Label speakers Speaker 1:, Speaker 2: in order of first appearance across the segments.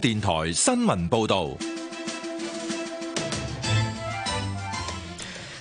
Speaker 1: 電台新聞報道：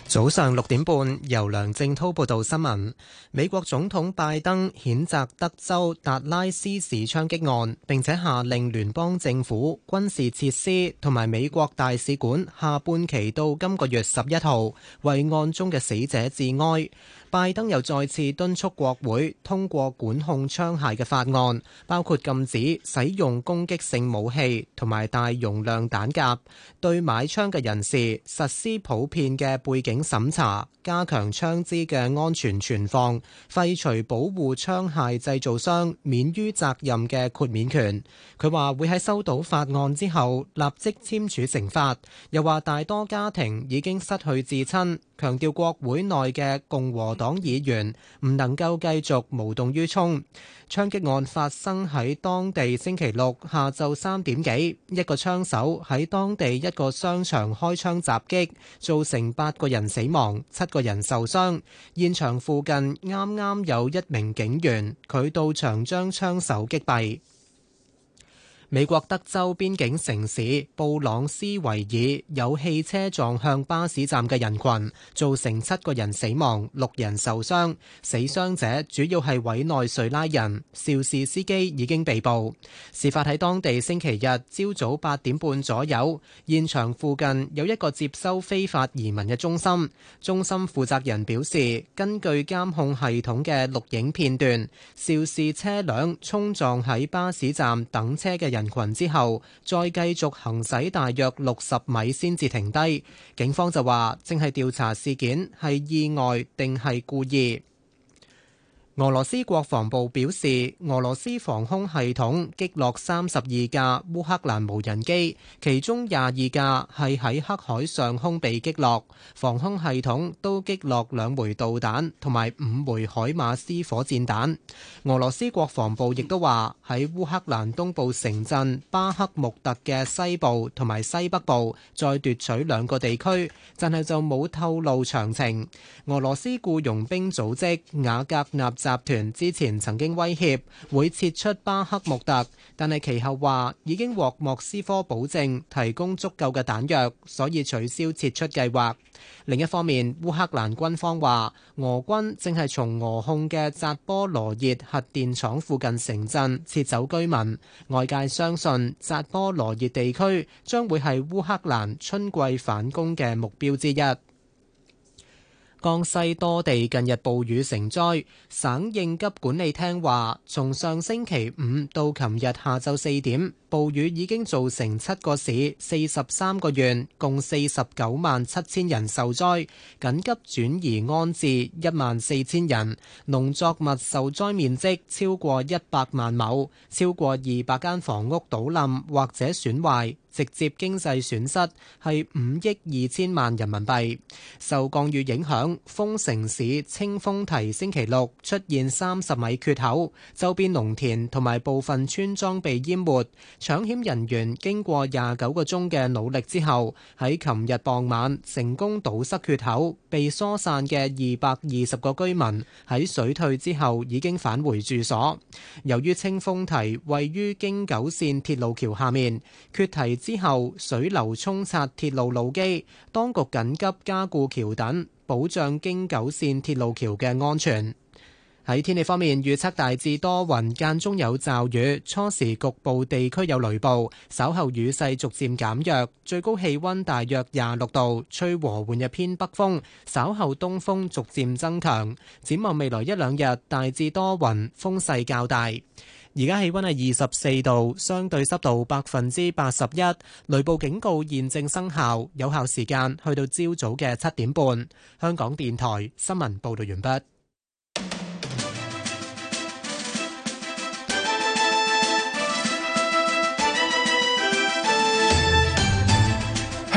Speaker 2: 早上六點半，由梁正濤報道新聞。美國總統拜登譴責德州達拉斯市槍擊案，並且下令聯邦政府軍事設施同埋美國大使館下半旗到今個月十一號為案中嘅死者致哀。拜登又再次敦促國會通過管控槍械嘅法案，包括禁止使用攻擊性武器同埋大容量彈夾，對買槍嘅人士實施普遍嘅背景審查，加強槍支嘅安全存放，廢除保護槍械製造商免於責任嘅豁免權，佢話會喺收到法案之後立即簽署成法，又話大多家庭已經失去至親。強調國會內嘅共和黨議員唔能夠繼續無動於衷。槍擊案發生喺當地星期六下晝三點幾，一個槍手喺當地一個商場開槍襲擊，造成八個人死亡，七個人受傷。現場附近啱啱有一名警員，佢到場將槍手擊斃。美國德州邊境城市布朗斯維爾有汽車撞向巴士站嘅人群，造成七個人死亡、六人受傷，死傷者主要係委內瑞拉人。肇事司機已經被捕。事發喺當地星期日朝早八點半左右，現場附近有一個接收非法移民嘅中心，中心負責人表示，根據監控系統嘅錄影片段，肇事車輛衝撞喺巴士站等車嘅人。人群之後，再繼續行駛大約六十米先至停低。警方就話，正係調查事件，係意外定係故意。俄羅斯國防部表示，俄羅斯防空系統擊落三十二架烏克蘭無人機，其中廿二架係喺黑海上空被擊落，防空系統都擊落兩枚導彈同埋五枚海馬斯火箭彈。俄羅斯國防部亦都話喺烏克蘭東部城鎮巴克穆特嘅西部同埋西北部再奪取兩個地區，但係就冇透露詳情。俄羅斯僱傭兵組織瓦格納集團之前曾經威脅會撤出巴克穆特，但係其後話已經獲莫斯科保證提供足夠嘅彈藥，所以取消撤出計劃。另一方面，烏克蘭軍方話俄軍正係從俄控嘅扎波羅熱核電廠附近城鎮撤走居民，外界相信扎波羅熱地區將會係烏克蘭春季反攻嘅目標之一。江西多地近日暴雨成災，省應急管理廳話，從上星期五到琴日下晝四點，暴雨已經造成七個市、四十三個縣，共四十九萬七千人受災，緊急轉移安置一萬四千人，農作物受災面積超過一百萬畝，超過二百間房屋倒冧或者損壞。直接經濟損失係五億二千萬人民幣，受降雨影響，豐城市清風堤星期六出現三十米缺口，周邊農田同埋部分村莊被淹沒，搶險人員經過廿九個鐘嘅努力之後，喺琴日傍晚成功堵塞缺口。被疏散嘅二百二十個居民喺水退之後已經返回住所。由於清風堤位於京九綫鐵路橋下面，決堤。之後，水流沖刷鐵路路基，當局緊急加固橋墩，保障京九線鐵路橋嘅安全。喺天氣方面，預測大致多雲，間中有驟雨，初時局部地區有雷暴，稍後雨勢逐漸減弱，最高氣温大約廿六度，吹和緩嘅偏北風，稍後東風逐漸增強。展望未來一兩日，大致多雲，風勢較大。而家氣温係二十四度，相對濕度百分之八十一，雷暴警告現正生效，有效時間去到朝早嘅七點半。香港電台新聞報道完畢。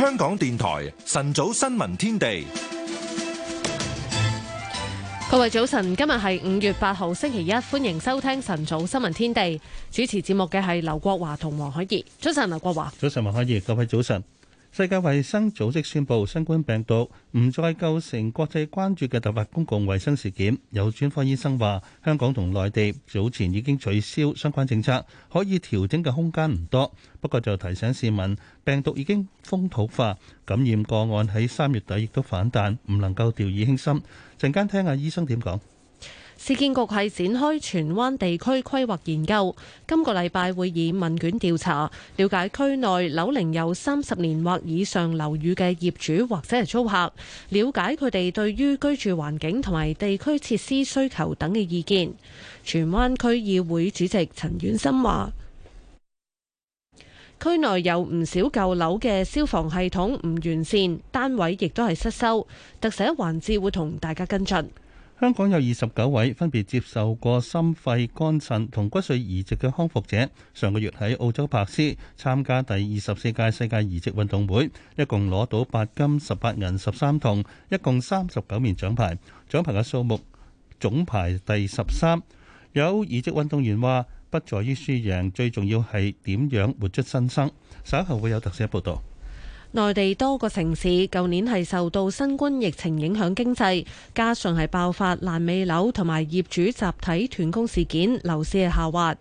Speaker 1: 香港電台晨早新聞天地。
Speaker 3: 各位早晨，今日係五月八號星期一，歡迎收聽晨早新聞天地。主持節目嘅係劉國華同黃海怡。早晨，劉國華。
Speaker 4: 早晨，黃海怡。各位早晨。世界衛生組織宣布，新冠病毒唔再構成國際關注嘅突發公共衛生事件。有專科醫生話：香港同內地早前已經取消相關政策，可以調整嘅空間唔多。不過就提醒市民，病毒已經風土化，感染個案喺三月底亦都反彈，唔能夠掉以輕心。陣間聽下醫生點講。
Speaker 3: 市建局係展開荃灣地區規劃研究，今個禮拜會以問卷調查了解區內樓齡有三十年或以上樓宇嘅業主或者係租客，了解佢哋對於居住環境同埋地區設施需求等嘅意見。荃灣區議會主席陳婉心話，區內有唔少舊樓嘅消防系統唔完善，單位亦都係失修。特寫環節會同大家跟進。
Speaker 4: 香港有二十九位分別接受過心肺、肝腎同骨髓移植嘅康復者，上個月喺澳洲柏斯參加第二十四屆世界移植運動會，一共攞到八金、十八銀、十三銅，一共三十九面獎牌，獎牌嘅數目總排第十三。有移植運動員話：不在於輸贏，最重要係點樣活出新生。稍後會有特寫報道。
Speaker 3: 內地多個城市舊年係受到新冠疫情影響經濟，加上係爆發爛尾樓同埋業主集體斷供事件，樓市係下滑。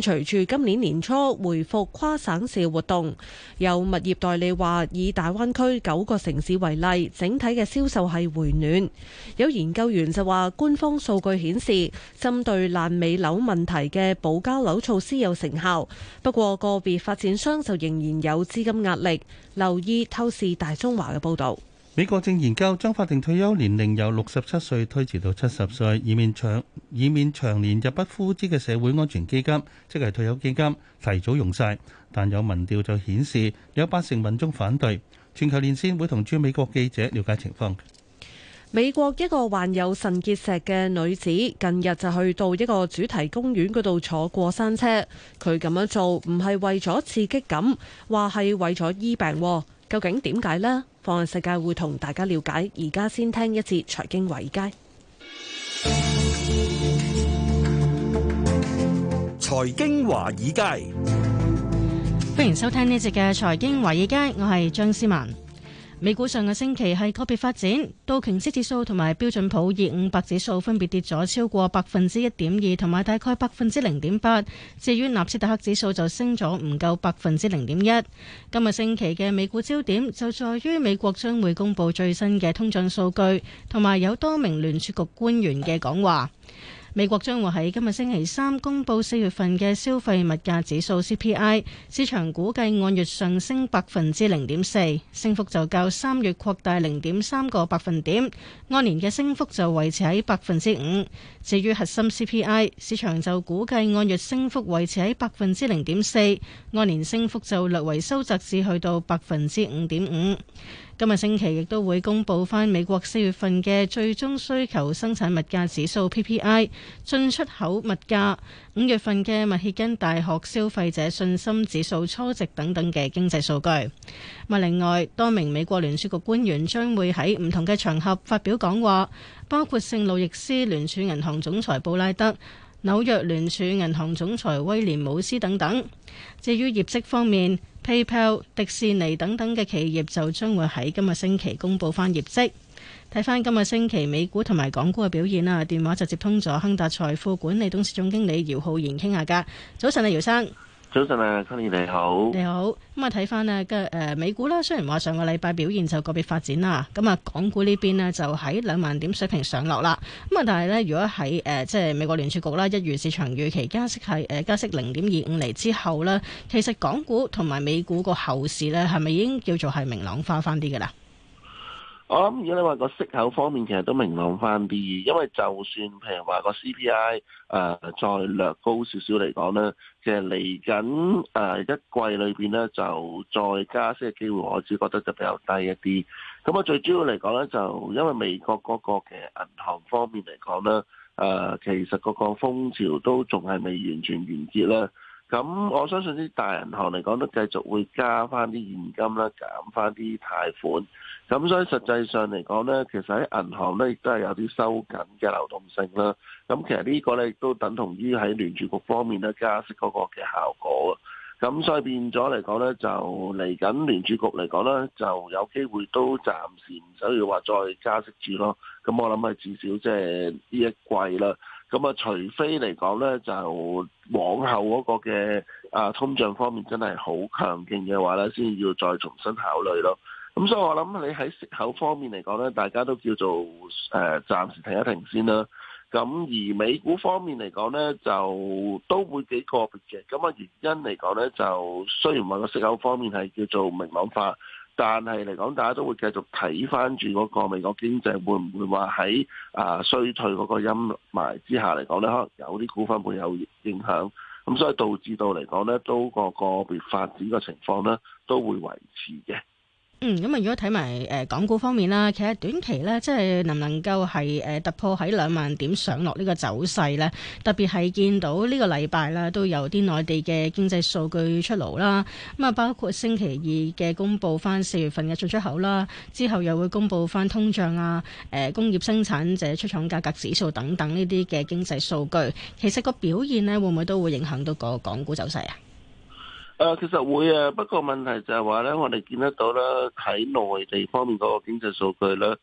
Speaker 3: 隨住今年年初恢復跨省市活動，有物業代理話以大灣區九個城市為例，整體嘅銷售係回暖。有研究員就話，官方數據顯示針對爛尾樓問題嘅保交樓措施有成效，不過個別發展商就仍然有資金壓力。留意透視大中華嘅報導。
Speaker 4: 美國正研究將法定退休年齡由六十七歲推遲到七十歲，以免長以免長年入不敷支嘅社會安全基金，即係退休基金提早用晒。但有民調就顯示有八成民眾反對。全球連線會同駐美國記者了解情況。
Speaker 3: 美國一個患有腎結石嘅女子近日就去到一個主題公園嗰度坐過山車，佢咁樣做唔係為咗刺激感，話係為咗醫病喎。究竟點解呢？《放眼世界》會同大家了解，而家先聽一節《財經華爾街》。
Speaker 5: 財經華爾街，
Speaker 6: 歡迎收聽呢節嘅《財經華爾街》，我係張思文。美股上個星期係個別發展，道瓊斯指數同埋標準普爾五百指數分別跌咗超過百分之一點二同埋大概百分之零點八。至於納斯達克指數就升咗唔夠百分之零點一。今個星期嘅美股焦點就在於美國將會公布最新嘅通脹數據，同埋有多名聯儲局官員嘅講話。美國將會喺今日星期三公佈四月份嘅消費物價指數 CPI，市場估計按月上升百分之零點四，升幅就較三月擴大零點三個百分點，按年嘅升幅就維持喺百分之五。至於核心 CPI，市場就估計按月升幅維持喺百分之零點四，按年升幅就略為收窄至去到百分之五點五。今日星期亦都會公佈翻美國四月份嘅最終需求生產物價指數 PPI、進出口物價、五月份嘅密歇根大學消費者信心指數初值等等嘅經濟數據。另外，多名美國聯儲局官員將會喺唔同嘅場合發表講話，包括聖路易斯聯儲銀行總裁布拉德、紐約聯儲銀行總裁威廉姆斯等等。至於業績方面，PayPal、迪士尼等等嘅企業就將會喺今個星期公布翻業績。睇翻今個星期美股同埋港股嘅表現啊，電話就接通咗亨達財富管理董事總經理姚浩然傾下偈。早晨啊，姚生。你好。你好，咁啊睇翻呢跟住美股啦，雖然話上個禮拜表現就個別發展啦，咁啊港股呢邊呢就喺兩萬點水平上落啦。咁啊，但係呢，如果喺誒、呃、即係美國聯儲局啦一月市場預期加息係誒加息零點二五厘之後呢，其實港股同埋美股個後市呢，係咪已經叫做係明朗化翻啲㗎啦？
Speaker 7: 我諗，如果你話個息口方面，其實都明朗翻啲，因為就算譬如話個 CPI 誒、呃、再略高少少嚟講咧，其實嚟緊誒一季裏邊咧，就再加息嘅機會，我只覺得就比較低一啲。咁啊，最主要嚟講咧，就因為美國各個嘅銀行方面嚟講咧，誒其實嗰個風潮都仲係未完全完結啦。咁我相信啲大銀行嚟講都繼續會加翻啲現金啦，減翻啲貸款。咁所以實際上嚟講咧，其實喺銀行咧亦都係有啲收緊嘅流動性啦。咁其實呢個咧亦都等同於喺聯儲局方面咧加息嗰個嘅效果。咁所以變咗嚟講咧，就嚟緊聯儲局嚟講咧，就有機會都暫時唔使要話再加息住咯。咁我諗係至少即係呢一季啦。咁啊，除非嚟講咧就往後嗰個嘅啊通脹方面真係好強勁嘅話咧，先要再重新考慮咯。咁所以我諗，你喺息口方面嚟講咧，大家都叫做誒、呃，暫時停一停先啦。咁而美股方面嚟講咧，就都會幾個別嘅。咁啊原因嚟講咧，就雖然話個息口方面係叫做明朗化，但係嚟講，大家都會繼續睇翻住嗰個美國經濟會唔會話喺啊衰退嗰個陰霾之下嚟講咧，可能有啲股份會有影響。咁所以導致到嚟講咧，都個個別發展嘅情況咧，都會維持嘅。
Speaker 6: 嗯，咁啊，如果睇埋誒港股方面啦，其實短期咧，即係能唔能夠係誒、呃、突破喺兩萬點上落呢個走勢咧？特別係見到個呢個禮拜啦，都有啲內地嘅經濟數據出爐啦。咁啊，包括星期二嘅公布翻四月份嘅進出、出口啦，之後又會公布翻通脹啊、誒、呃、工業生產者出廠價格指數等等呢啲嘅經濟數據。其實個表現咧，會唔會都會影響到個港股走勢啊？
Speaker 7: 誒、呃，其實會啊，不過問題就係話咧，我哋見得到咧，喺內地方面嗰個經濟數據咧，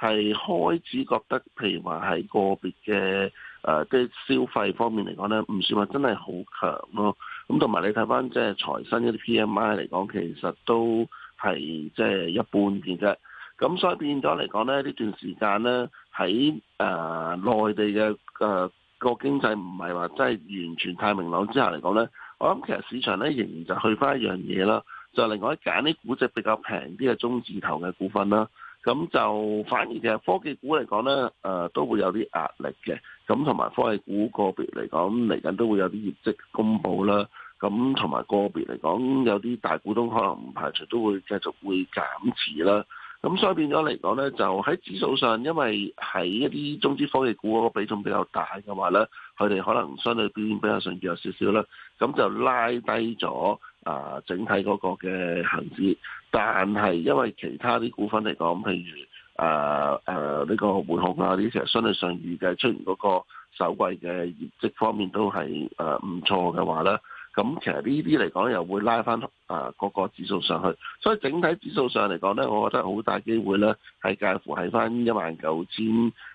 Speaker 7: 係開始覺得，譬如話係個別嘅誒，即、呃、係消費方面嚟講咧，唔算話真係好強咯、啊。咁同埋你睇翻即係財新嗰啲 PMI 嚟講，其實都係即係一半嘅啫。咁所以變咗嚟講咧，呢段時間咧，喺誒、呃、內地嘅誒個經濟唔係話真係完全太明朗之下嚟講咧。我諗其實市場咧仍然就去翻一樣嘢啦，就是、另外揀啲估值比較平啲嘅中字頭嘅股份啦，咁就反而其實科技股嚟講咧，誒、呃、都會有啲壓力嘅，咁同埋科技股個別嚟講嚟緊都會有啲業績公布啦，咁同埋個別嚟講有啲大股東可能唔排除都會繼續會減持啦。咁所以變咗嚟講咧，就喺指數上，因為喺一啲中資科技股嗰個比重比較大嘅話咧，佢哋可能相對表現比較上弱少少啦，咁就拉低咗啊、呃、整體嗰個嘅恆指。但係因為其他啲股份嚟講，譬如啊啊呢個匯控啊，其實相對上預計出現嗰個首季嘅業績方面都係啊唔錯嘅話咧。咁其實呢啲嚟講又會拉翻啊個個指數上去，所以整體指數上嚟講咧，我覺得好大機會咧係介乎喺翻一萬九千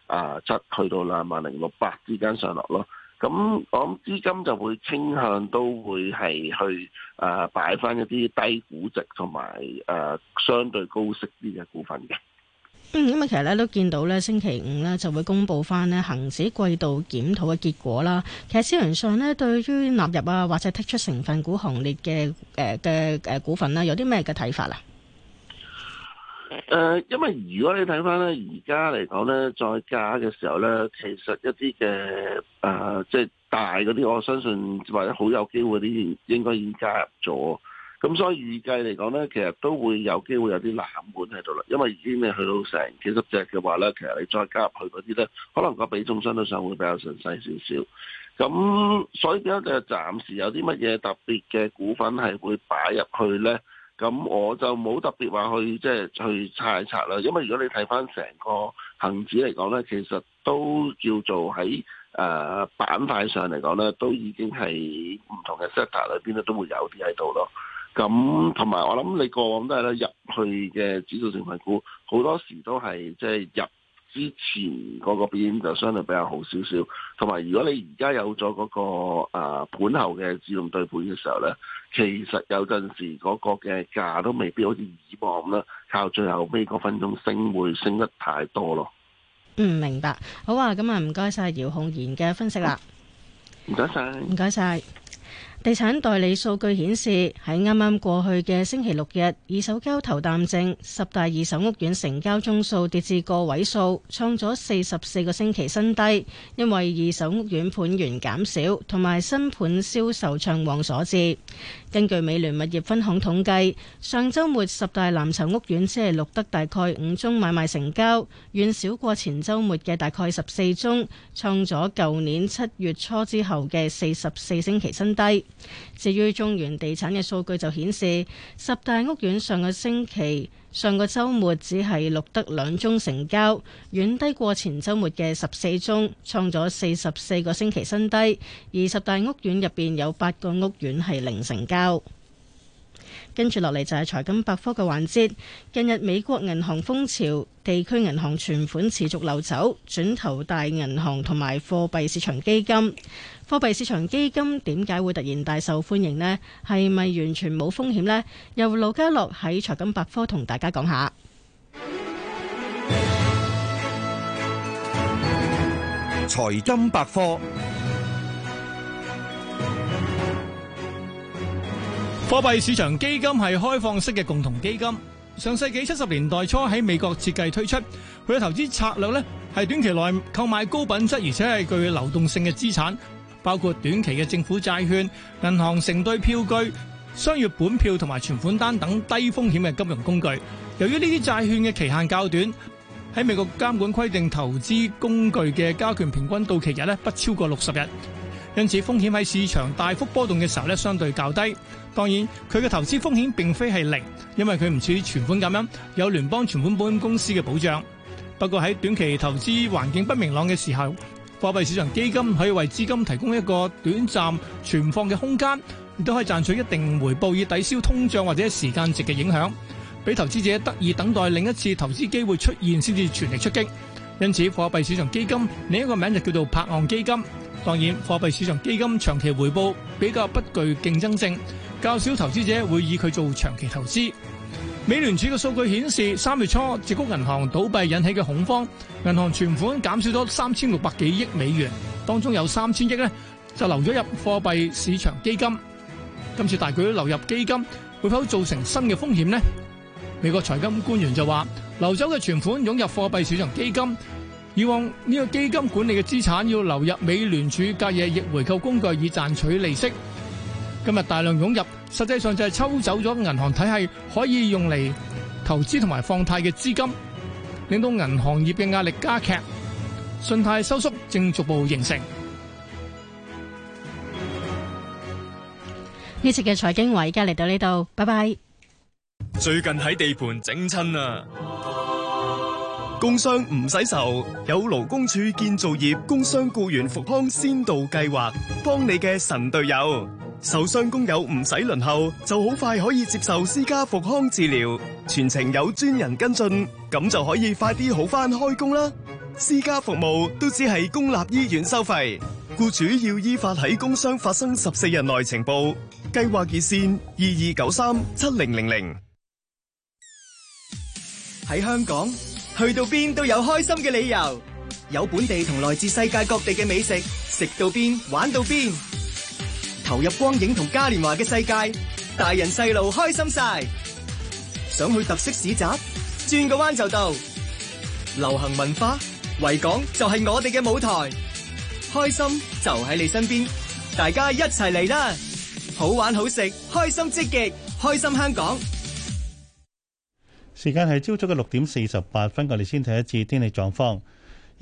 Speaker 7: 啊七去到兩萬零六百之間上落咯。咁、嗯、我諗資金就會傾向都會係去啊擺翻一啲低估值同埋誒相對高息啲嘅股份嘅。
Speaker 6: 嗯，咁啊，其實咧都見到咧，星期五咧就會公布翻咧恒指季度檢討嘅結果啦。其實市場上咧對於納入啊或者剔出成分股行列嘅誒嘅誒股份咧，有啲咩嘅睇法啊？
Speaker 7: 誒、呃，因為如果你睇翻咧，而家嚟講咧再加嘅時候咧，其實一啲嘅誒，即、呃、係、就是、大嗰啲，我相信或者好有機會啲應該已經加入咗。咁所以預計嚟講咧，其實都會有機會有啲冷門喺度啦。因為已經你去到成幾十隻嘅話咧，其實你再加入去嗰啲咧，可能個比重相對上會比較細少少。咁所以點解就暫時有啲乜嘢特別嘅股份係會擺入去咧？咁我就冇特別話去即係、就是、去猜測啦。因為如果你睇翻成個恆指嚟講咧，其實都叫做喺誒、呃、板塊上嚟講咧，都已經係唔同嘅 sector 裏邊咧都會有啲喺度咯。咁同埋，嗯、我諗你過往都係咧，入去嘅指數成分股，好多時都係即係入之前嗰個邊，就相對比較好少少。同埋，如果你而家有咗嗰、那個啊盤、呃、後嘅自動對盤嘅時候咧，其實有陣時嗰個嘅價都未必好似以往咁啦，靠最後尾嗰分鐘升會升得太多咯。
Speaker 6: 嗯，明白。好啊，咁啊，唔該晒姚浩然嘅分析啦。
Speaker 7: 唔該晒。唔
Speaker 6: 該晒。謝謝地產代理數據顯示，喺啱啱過去嘅星期六日，二手交投淡靜，十大二手屋苑成交宗數跌至個位數，創咗四十四個星期新低，因為二手屋苑盤源減少，同埋新盤銷售暢旺所致。根據美聯物業分行統計，上週末十大藍籌屋苑只係錄得大概五宗買賣成交，遠少過前週末嘅大概十四宗，創咗舊年七月初之後嘅四十四星期新低。至於中原地產嘅數據就顯示，十大屋苑上個星期。上個週末只係錄得兩宗成交，遠低過前週末嘅十四宗，創咗四十四個星期新低。二十大屋苑入邊有八個屋苑係零成交。跟住落嚟就係財金百科嘅環節。近日美國銀行風潮，地區銀行存款持續流走，轉投大銀行同埋貨幣市場基金。貨幣市場基金點解會突然大受歡迎呢？係咪完全冇風險呢？由盧家樂喺財金百科同大家講下。
Speaker 8: 財金百科，貨幣市場基金係開放式嘅共同基金，上世紀七十年代初喺美國設計推出。佢嘅投資策略呢係短期內購買高品質而且係具流動性嘅資產。包括短期嘅政府債券、銀行承兌票據、商業本票同埋存款單等低風險嘅金融工具。由於呢啲債券嘅期限較短，喺美國監管規定投資工具嘅加權平均到期日咧不超過六十日，因此風險喺市場大幅波動嘅時候咧相對較低。當然，佢嘅投資風險並非係零，因為佢唔似存款咁樣有聯邦存款保險公司嘅保障。不過喺短期投資環境不明朗嘅時候，貨幣市場基金可以為資金提供一個短暫存放嘅空間，亦都可以賺取一定回報，以抵消通脹或者時間值嘅影響，俾投資者得以等待另一次投資機會出現先至全力出擊。因此，貨幣市場基金另一個名就叫做泊岸基金。當然，貨幣市場基金長期回報比較不具競爭性，較少投資者會以佢做長期投資。美聯儲嘅數據顯示，三月初硅谷銀行倒閉引起嘅恐慌，銀行存款減少咗三千六百幾億美元，當中有三千億咧就流咗入貨幣市場基金。今次大舉流入基金，會否造成新嘅風險咧？美國財金官員就話，流走嘅存款湧入貨幣市場基金，以往呢個基金管理嘅資產要流入美聯儲隔夜逆回購工具以賺取利息。今日大量湧入，實際上就係抽走咗銀行體系可以用嚟投資同埋放貸嘅資金，令到銀行業嘅壓力加劇，信貸收縮正逐步形成。
Speaker 6: 呢次嘅財經圍家嚟到呢度，拜拜。
Speaker 9: 最近喺地盤整親啊，工傷，唔使愁，有勞工處建造業工傷僱員復康先導計劃，幫你嘅神隊友。受傷工友唔使輪候就好快可以接受私家復康治療，全程有專人跟進，咁就可以快啲好返開工啦。私家服務都只係公立醫院收費，僱主要依法喺工傷發生
Speaker 2: 投入光影同嘉年華嘅世界，大人細路開心晒。想去特色市集，轉個彎就到。流行文化，維港就係我哋嘅舞台，開心就喺你身邊，大家一齊嚟啦！好玩好食，開心積極，開心香港。
Speaker 4: 時間係朝早嘅六點四十八分，我哋先睇一次天氣狀況。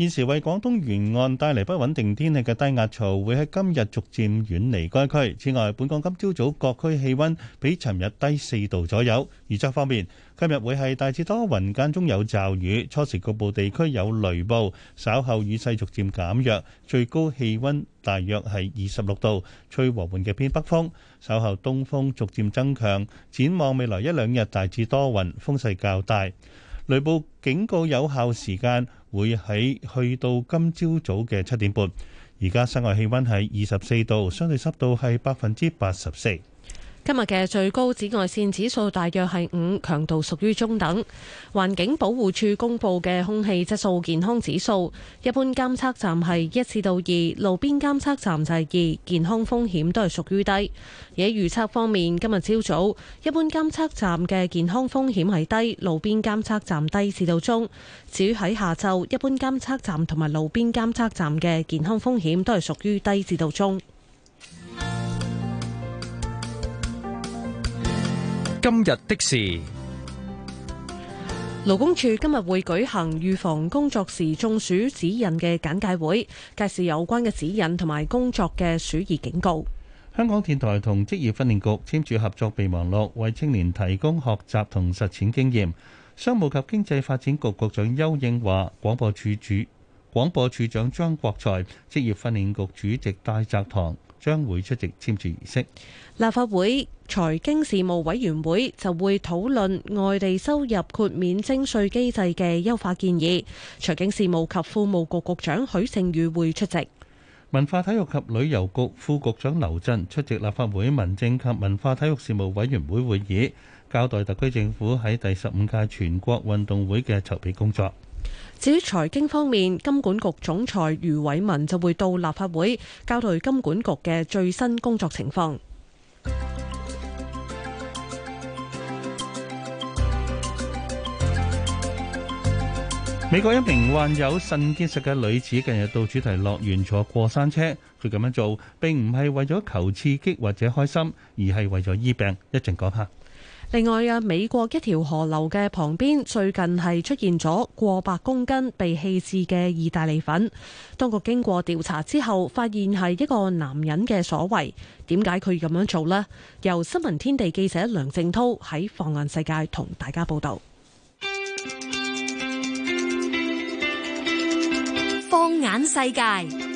Speaker 4: 現時為廣東沿岸帶嚟不穩定天氣嘅低壓槽，會喺今日逐漸遠離該區。此外，本港今朝早各區氣温比尋日低四度左右。預測方面，今日會係大致多雲，間中有驟雨，初時局部地區有雷暴，稍後雨勢逐漸減弱，最高氣温大約係二十六度，吹和緩嘅偏北風。稍後東風逐漸增強。展望未來一兩日，大致多雲，風勢較大，雷暴警告有效時間會喺去到今朝早嘅七點半，而家室外氣温係二十四度，相對濕度係百分之八十四。
Speaker 3: 今日嘅最高紫外線指數大約係五，強度屬於中等。環境保護署公布嘅空氣質素健康指數，一般監測站係一至到二，路邊監測站就係二，健康風險都係屬於低。而預測方面，今日朝早，一般監測站嘅健康風險係低，路邊監測站低至到中。至於喺下晝，一般監測站同埋路邊監測站嘅健康風險都係屬於低至到中。
Speaker 10: 今日的事，
Speaker 3: 勞工處今日會舉行預防工作時中暑指引嘅簡介會，介紹有關嘅指引同埋工作嘅暑熱警告。
Speaker 4: 香港電台同職業訓練局簽署合作備忘錄，為青年提供學習同實踐經驗。商務及經濟發展局局長邱應華、廣播處主廣播處長張國才、職業訓練局主席戴澤棠將會出席簽署儀式。
Speaker 3: 立法會。財經事務委員會就會討論外地收入豁免徵稅機制嘅優化建議。財經事務及庫務局局長許正宇會出席。
Speaker 4: 文化體育及旅遊局副局長劉震出席立法會民政及文化體育事務委員會會議，交代特區政府喺第十五屆全國運動會嘅籌備工作。
Speaker 3: 至於財經方面，金管局總裁余偉文就會到立法會交代金管局嘅最新工作情況。
Speaker 4: 美國一名患有腎結石嘅女子近日到主題樂園坐過山車，佢咁樣做並唔係為咗求刺激或者開心，而係為咗醫病。講一陣講下。
Speaker 3: 另外啊，美國一條河流嘅旁邊最近係出現咗過百公斤被棄置嘅意大利粉。當局經過調查之後，發現係一個男人嘅所為。點解佢咁樣做呢？由新聞天地記者梁正濤喺放眼世界同大家報道。眼世界。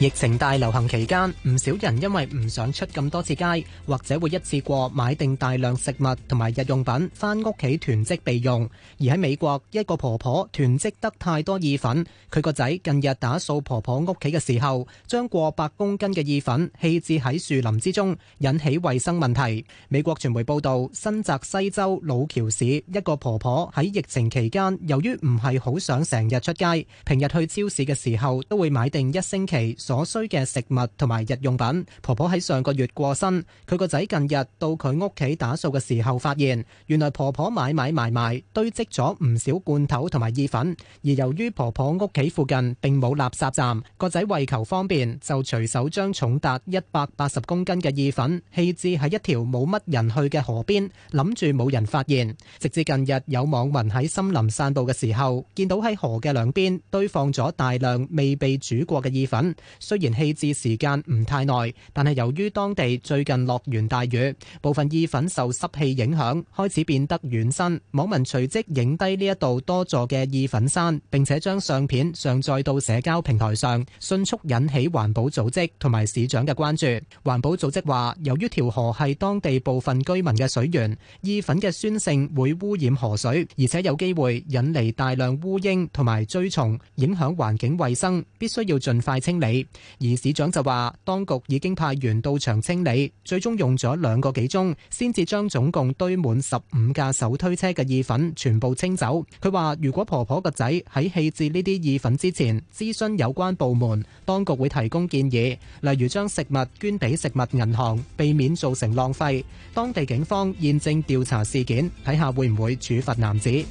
Speaker 2: 疫情大流行期間唔少人因為唔想出咁多次街，或者會一次過買定大量食物同埋日用品翻屋企囤積備用。而喺美國一個婆婆囤積得太多意粉，佢個仔近日打掃婆婆屋企嘅時候，將過百公斤嘅意粉棄置喺樹林之中，引起衛生問題。美國傳媒報道，新澤西州老橋市一個婆婆喺疫情期間由於唔係好想成日出街，平日去超市嘅時候都會買定一星期。所需嘅食物同埋日用品。婆婆喺上個月過身，佢個仔近日到佢屋企打掃嘅時候發現，原來婆婆買買埋埋堆積咗唔少罐頭同埋意粉。而由於婆婆屋企附近並冇垃圾站，個仔為求方便，就隨手將重達一百八十公斤嘅意粉棄置喺一條冇乜人去嘅河邊，諗住冇人發現，直至近日有網民喺森林散步嘅時候，見到喺河嘅兩邊堆放咗大量未被煮過嘅意粉。雖然棄置時間唔太耐，但係由於當地最近落完大雨，部分意粉受濕氣影響開始變得軟身。網民隨即影低呢一度多座嘅意粉山，並且將相片上載到社交平台上，迅速引起環保組織同埋市長嘅關注。環保組織話，由於條河係當地部分居民嘅水源，意粉嘅酸性會污染河水，而且有機會引嚟大量烏蠅同埋蛆蟲，影響環境衛生，必須要盡快清理。而市長就話：當局已經派員到場清理，最終用咗兩個幾鐘，先至將總共堆滿十五架手推車嘅意粉全部清走。佢話：如果婆婆個仔喺棄置呢啲意粉之前，諮詢有關部門，當局會提供建議，例如將食物捐俾食物銀行，避免造成浪費。當地警方現正調查事件，睇下會唔會處罰男子。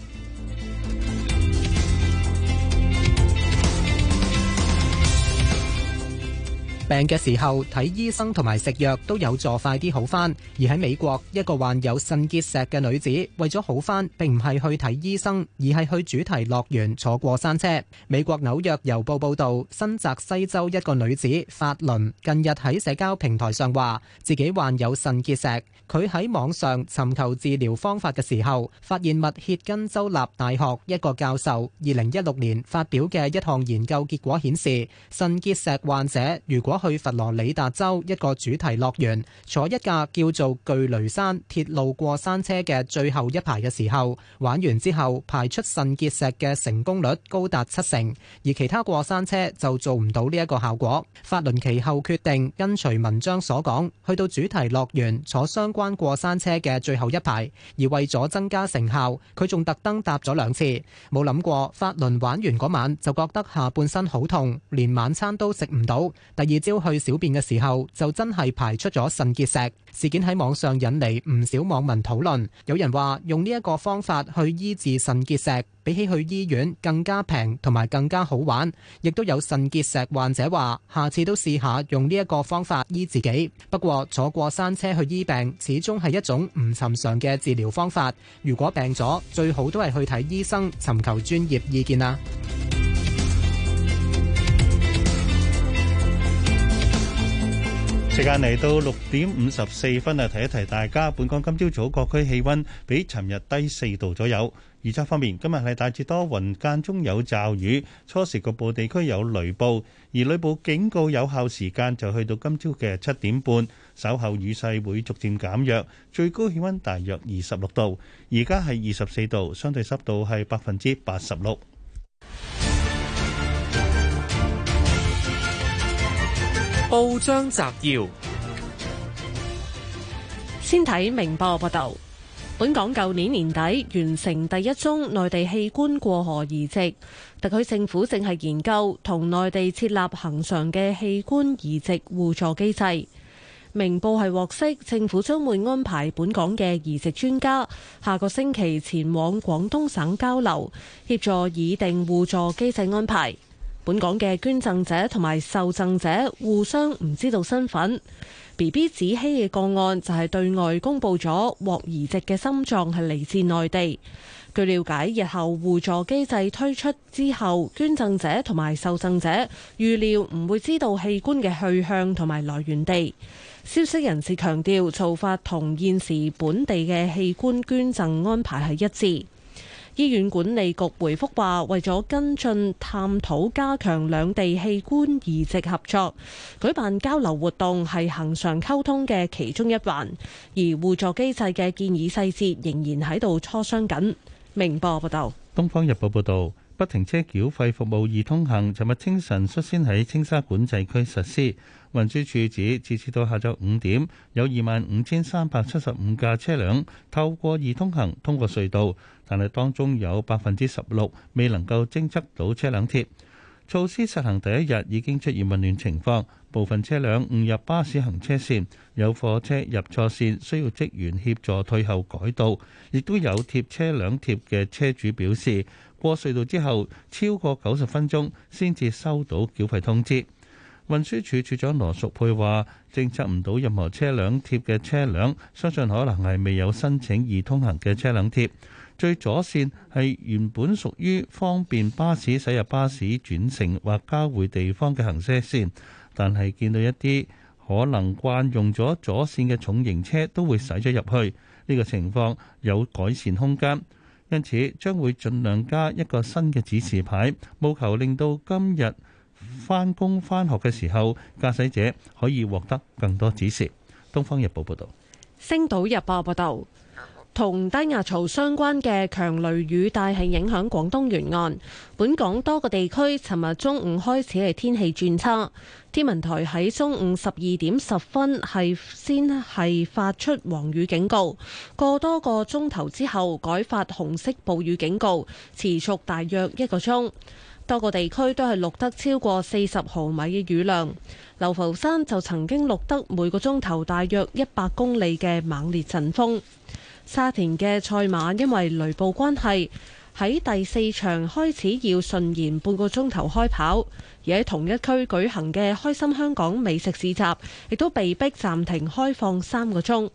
Speaker 2: 病嘅時候睇醫生同埋食藥都有助快啲好翻，而喺美國，一個患有腎結石嘅女子為咗好翻，並唔係去睇醫生，而係去主題樂園坐過山車。美國紐約郵報報導，新澤西州一個女子法倫近日喺社交平台上話自己患有腎結石。佢喺網上尋求治療方法嘅時候，發現密歇根州立大學一個教授二零一六年發表嘅一項研究結果顯示，腎結石患者如果去佛羅里達州一個主題樂園坐一架叫做巨雷山鐵路過山車嘅最後一排嘅時候，玩完之後排出腎結石嘅成功率高達七成，而其他過山車就做唔到呢一個效果。法倫其後決定跟隨文章所講，去到主題樂園坐相關過山車嘅最後一排，而為咗增加成效，佢仲特登搭咗兩次。冇諗過，法倫玩完嗰晚就覺得下半身好痛，連晚餐都食唔到。第二朝去小便嘅時候，就真係排出咗腎結石。事件喺網上引嚟唔少網民討論，有人話用呢一個方法去醫治腎結石，比起去醫院更加平同埋更加好玩。亦都有腎結石患者話，下次都試下用呢一個方法醫自己。不過坐過山車去醫病，始終係一種唔尋常嘅治療方法。如果病咗，最好都係去睇醫生，尋求專業意見啊。時間嚟到六
Speaker 4: 點五十四分啊！提一提大家，本港今朝早各區氣温比尋日低四度左右。預測方面，今日係大致多雲，間中有驟雨，初時局部地區有雷暴，而雷暴警告有效時間就去到今朝嘅七點半。稍後雨勢會逐漸減弱，最高氣温大約二十六度，而家係二十四度，相對濕度係百分之八十六。
Speaker 11: 報章摘要：
Speaker 3: 先睇明報報道，本港舊年年底完成第一宗內地器官過河移植，特區政府正係研究同內地設立恒常嘅器官移植互助機制。明報係獲悉，政府將會安排本港嘅移植專家下個星期前往廣東省交流，協助擬定互助機制安排。本港嘅捐贈者同埋受贈者互相唔知道身份。B B 子希嘅個案就係對外公布咗獲移植嘅心臟係嚟自內地。據了解，日後互助機制推出之後，捐贈者同埋受贈者預料唔會知道器官嘅去向同埋來源地。消息人士強調，做法同現時本地嘅器官捐贈安排係一致。醫院管理局回覆話，為咗跟進探討加強兩地器官移植合作，舉辦交流活動係恒常溝通嘅其中一環，而互助機制嘅建議細節仍然喺度磋商緊。明報、啊、報道，
Speaker 4: 東方日報報道，不停車繳費服務易通行。尋日清晨率先喺青沙管制區實施。運輸署指，截至到下晝五點，有二萬五千三百七十五架車輛透過易通行通過隧道，但係當中有百分之十六未能夠偵測到車輛貼。措施實行第一日已經出現混亂情況，部分車輛誤入巴士行車線，有貨車入錯線，需要職員協助退後改道，亦都有貼車輛貼嘅車主表示，過隧道之後超過九十分鐘先至收到繳費通知。運輸署署長羅淑佩話：偵測唔到任何車輛貼嘅車輛，相信可能係未有申請易通行嘅車輛貼。最左線係原本屬於方便巴士駛入巴士轉乘或交匯地方嘅行車線，但係見到一啲可能慣用咗左線嘅重型車都會駛咗入去，呢個情況有改善空間，因此將會盡量加一個新嘅指示牌，務求令到今日。返工返學嘅時候，駕駛者可以獲得更多指示。東方日報報道，
Speaker 3: 星島日報報道，同低壓槽相關嘅強雷雨帶係影響廣東沿岸，本港多個地區尋日中午開始係天氣轉差。天文台喺中午十二點十分係先係發出黃雨警告，過多個鐘頭之後改發紅色暴雨警告，持續大約一個鐘。多個地區都係錄得超過四十毫米嘅雨量，流浮山就曾經錄得每個鐘頭大約一百公里嘅猛烈陣風。沙田嘅賽馬因為雷暴關係，喺第四場開始要順延半個鐘頭開跑，而喺同一區舉行嘅開心香港美食市集亦都被迫暫停開放三個鐘。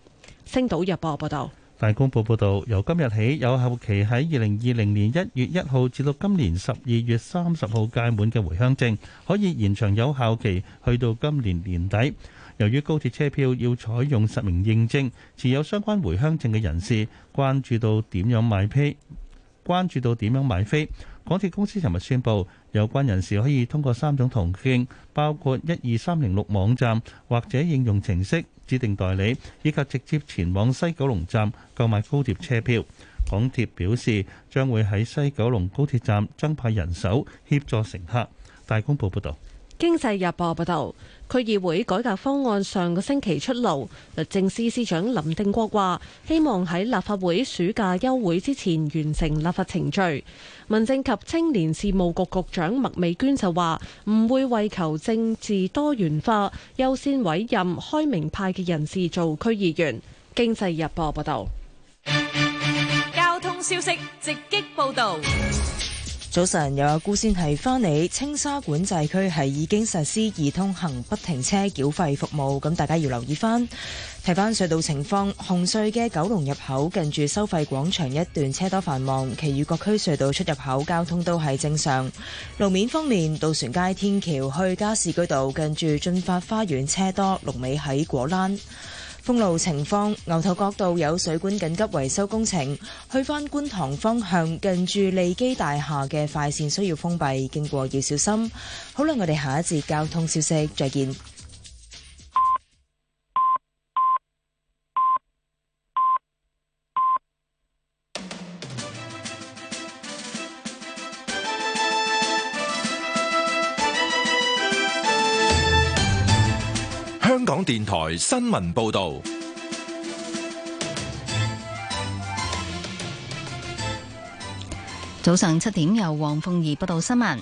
Speaker 3: 星島日報報道。
Speaker 4: 大公報報導，由今日起，有效期喺二零二零年一月一號至到今年十二月三十號屆滿嘅回鄉證，可以延長有效期去到今年年底。由於高鐵車票要採用實名認證，持有相關回鄉證嘅人士，關注到點樣買飛？關注到點樣買飛？港鐵公司尋日宣布，有關人士可以通過三種途徑，包括一二三零六網站或者應用程式指定代理，以及直接前往西九龍站購買高鐵車票。港鐵表示，將會喺西九龍高鐵站增派人手協助乘客。大公報報道。
Speaker 3: 經濟日報報道。區議會改革方案上個星期出爐，律政司司長林定國話，希望喺立法會暑假休會之前完成立法程序。民政及青年事務局局長麥美娟就話，唔會為求政治多元化，優先委任開明派嘅人
Speaker 12: 士做區議員。經濟日報報道。
Speaker 13: 交通消息直擊報道。
Speaker 12: 早晨，又有阿姑先係返你。青沙管制區係已經實施易通行不停車、繳費服務，咁大家要留意翻提翻隧道情況。紅隧嘅九龍入口近住收費廣場一段車多繁忙，其餘各區隧道出入口交通都係正常。路面方面，渡船街天橋去加士居道近住駿發花園車多，龍尾喺果欄。封路情況，牛頭角道有水管緊急維修工程。去返觀塘方向近住利基大廈嘅快線需要封閉，經過要小心。好啦，我哋下一節交通消息再見。
Speaker 1: 香港電台新聞報道：
Speaker 14: 早上七點，由黃鳳儀報道新聞。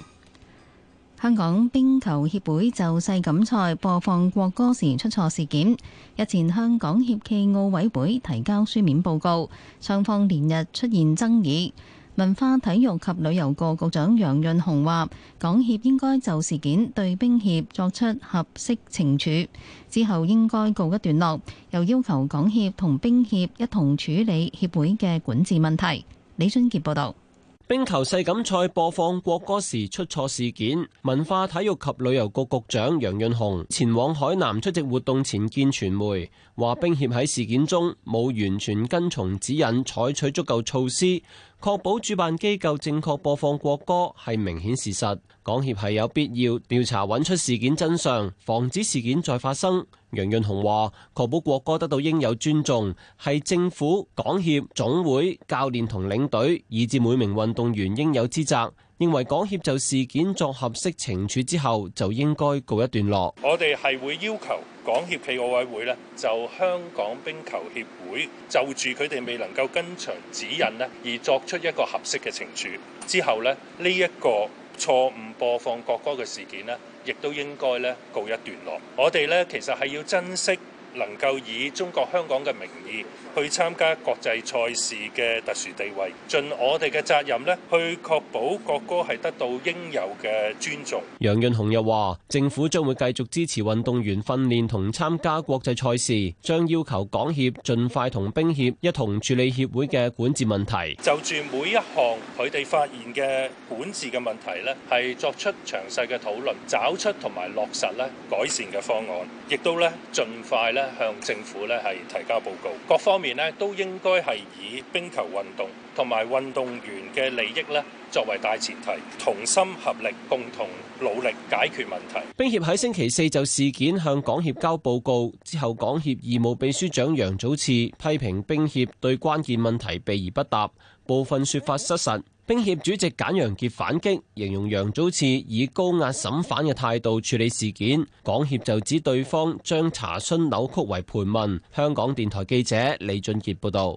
Speaker 14: 香港冰球協會就世錦賽播放國歌時出錯事件，日前香港協暨奧委會提交書面報告，雙方連日出現爭議。文化、體育及旅遊局局長楊潤雄話，港協應該就事件對冰協作出合適懲處之後應該告一段落，又要求港協同冰協一同處理協會嘅管治問題。李俊傑報道。
Speaker 15: 冰球世錦賽播放國歌時出錯事件，文化、體育及旅遊局局局長楊潤雄前往海南出席活動前見傳媒，話冰協喺事件中冇完全跟從指引，採取足夠措施。確保主辦機構正確播放國歌係明顯事實，港協係有必要調查搵出事件真相，防止事件再發生。楊潤雄話：確保國歌得到應有尊重，係政府、港協、總會、教練同領隊，以至每名運動員應有之責。認為港協就事件作合適懲處之後就應該告一段落。
Speaker 16: 我哋係會要求港協暨奧委會呢，就香港冰球協會就住佢哋未能夠跟場指引呢，而作出一個合適嘅懲處之後呢，呢一個錯誤播放國歌嘅事件呢，亦都應該呢告一段落。我哋呢，其實係要珍惜能夠以中國香港嘅名義。去參加國際賽事嘅特殊地位，盡我哋嘅責任咧，去確保國歌係得到應有嘅尊重。
Speaker 15: 楊潤雄又話：政府將會繼續支持運動員訓練同參加國際賽事，將要求港協盡快同冰協一同處理協會嘅管治問題。就
Speaker 16: 住每一項佢哋發現嘅管治嘅問題呢，係作出詳細嘅討論，找出同埋落實咧改善嘅方案，亦都呢，盡快呢向政府呢係提交報告，各方面呢，都應該，係以冰球運動同埋運動員嘅利益呢，作為大前提，同心合力，共同努力解決問題，
Speaker 15: 冰協喺星期四就事件向港協交報告，之後港協義務秘書長楊祖賜批評冰協對關鍵問題避而不答，部分說法失實。冰協主席簡楊杰反擊，形容楊祖賜以高壓審犯嘅態度處理事件。港協就指對方將查詢扭曲為盤問。香港電台記者李俊杰報道。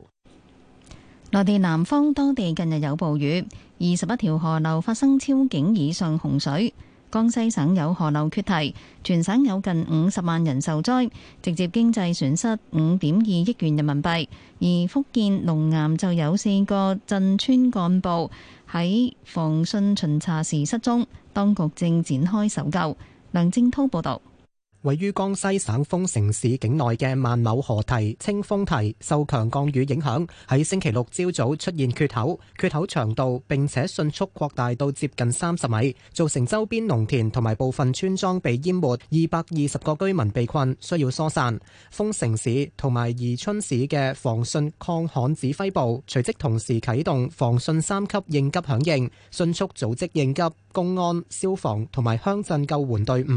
Speaker 14: 內地南方當地近日有暴雨，二十一條河流發生超警以上洪水。江西省有河流決堤，全省有近五十萬人受災，直接經濟損失五點二億元人民幣，而福建龍岩就有四個鎮村幹部喺防汛巡查時失蹤，當局正展開
Speaker 2: 搜救。梁正濤報道。位於江西省豐城市境內嘅萬畝河堤、清風堤受強降雨影響，喺星期六朝早出現缺口，缺口長度並且迅速擴大到接近三十米，造成周邊農田同埋部分村莊被淹沒，二百二十個居民被困，需要疏散。豐城市同埋宜春市嘅防汛抗旱指揮部隨即同時啟動防汛三級應急響應，迅速組織應急。公安、消防同埋鄉鎮救援隊伍、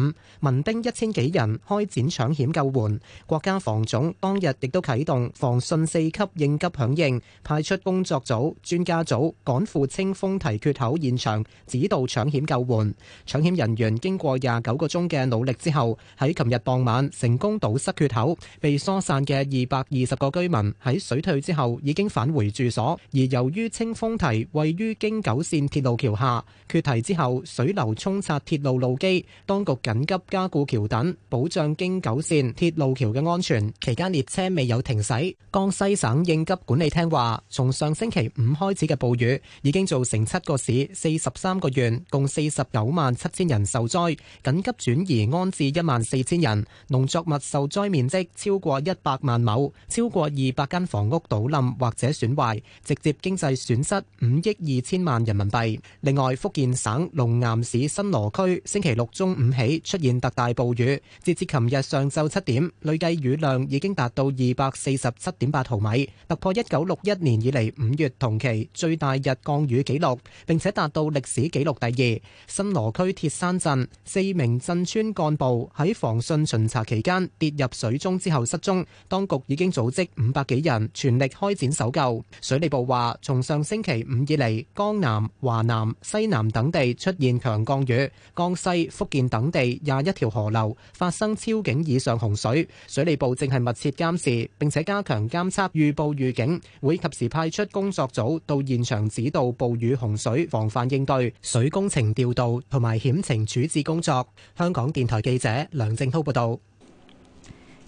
Speaker 2: 民兵一千幾人開展搶險救援。國家防總當日亦都啟動防汛四級應急響應，派出工作組專家組趕赴清風堤缺口現場指導搶險救援。搶險人員經過廿九個鐘嘅努力之後，喺琴日傍晚成功堵塞缺口。被疏散嘅二百二十個居民喺水退之後已經返回住所。而由於清風堤位於京九線鐵路橋下，決堤之後。水流沖刷鐵路路基，當局緊急加固橋墩，保障京九線鐵路橋嘅安全。期間列車未有停駛。江西省應急管理廳話，從上星期五開始嘅暴雨已經造成七個市四十三個縣共四十九萬七千人受災，緊急轉移安置一萬四千人，農作物受災面積超過一百萬畝，超過二百間房屋倒冧或者損壞，直接經濟損失五億二千萬人民幣。另外，福建省。龍岩市新羅區星期六中午起出現特大暴雨，截至琴日上晝七點，累計雨量已經達到二百四十七點八毫米，突破一九六一年以嚟五月同期最大日降雨紀錄，並且達到歷史紀錄第二。新羅區鐵山鎮四名鎮村幹部喺防汛巡查期間跌入水中之後失蹤，當局已經組織五百幾人全力開展搜救。水利部話，從上星期五以嚟，江南、華南、西南等地。出現強降雨，江西、福建等地廿一條河流發生超警以上洪水，水利部正係密切監視，並且加強監測、預報、預警，會及時派出工作組到現場指導暴雨洪水防範應對、水工程調度同埋險情處置工作。香港電台記者梁正濤報道。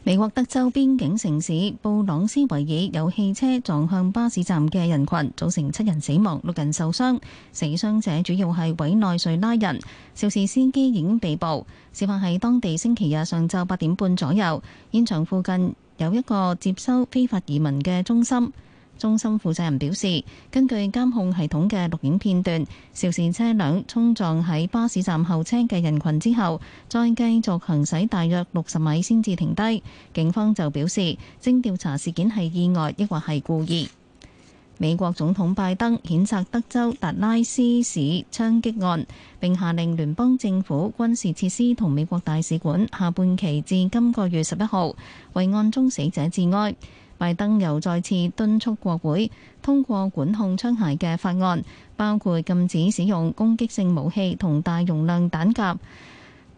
Speaker 14: 美國德州邊境城市布朗斯維爾有汽車撞向巴士站嘅人群，造成七人死亡，六人受傷。死傷者主要係委內瑞拉人，肇事司機已經被捕。事發喺當地星期日上晝八點半左右，現場附近有一個接收非法移民嘅中心。中心負責人表示，根據監控系統嘅錄影片段，肇事車輛衝撞喺巴士站候車嘅人群之後，再繼續行駛大約六十米先至停低。警方就表示，正調查事件係意外，抑或係故意。美國總統拜登譴責德州達拉斯市槍擊案，並下令聯邦政府軍事設施同美國大使館下半旗至今個月十一號為案中死者致哀。拜登又再次敦促國會通過管控槍械嘅法案，包括禁止使用攻擊性武器同大容量彈夾。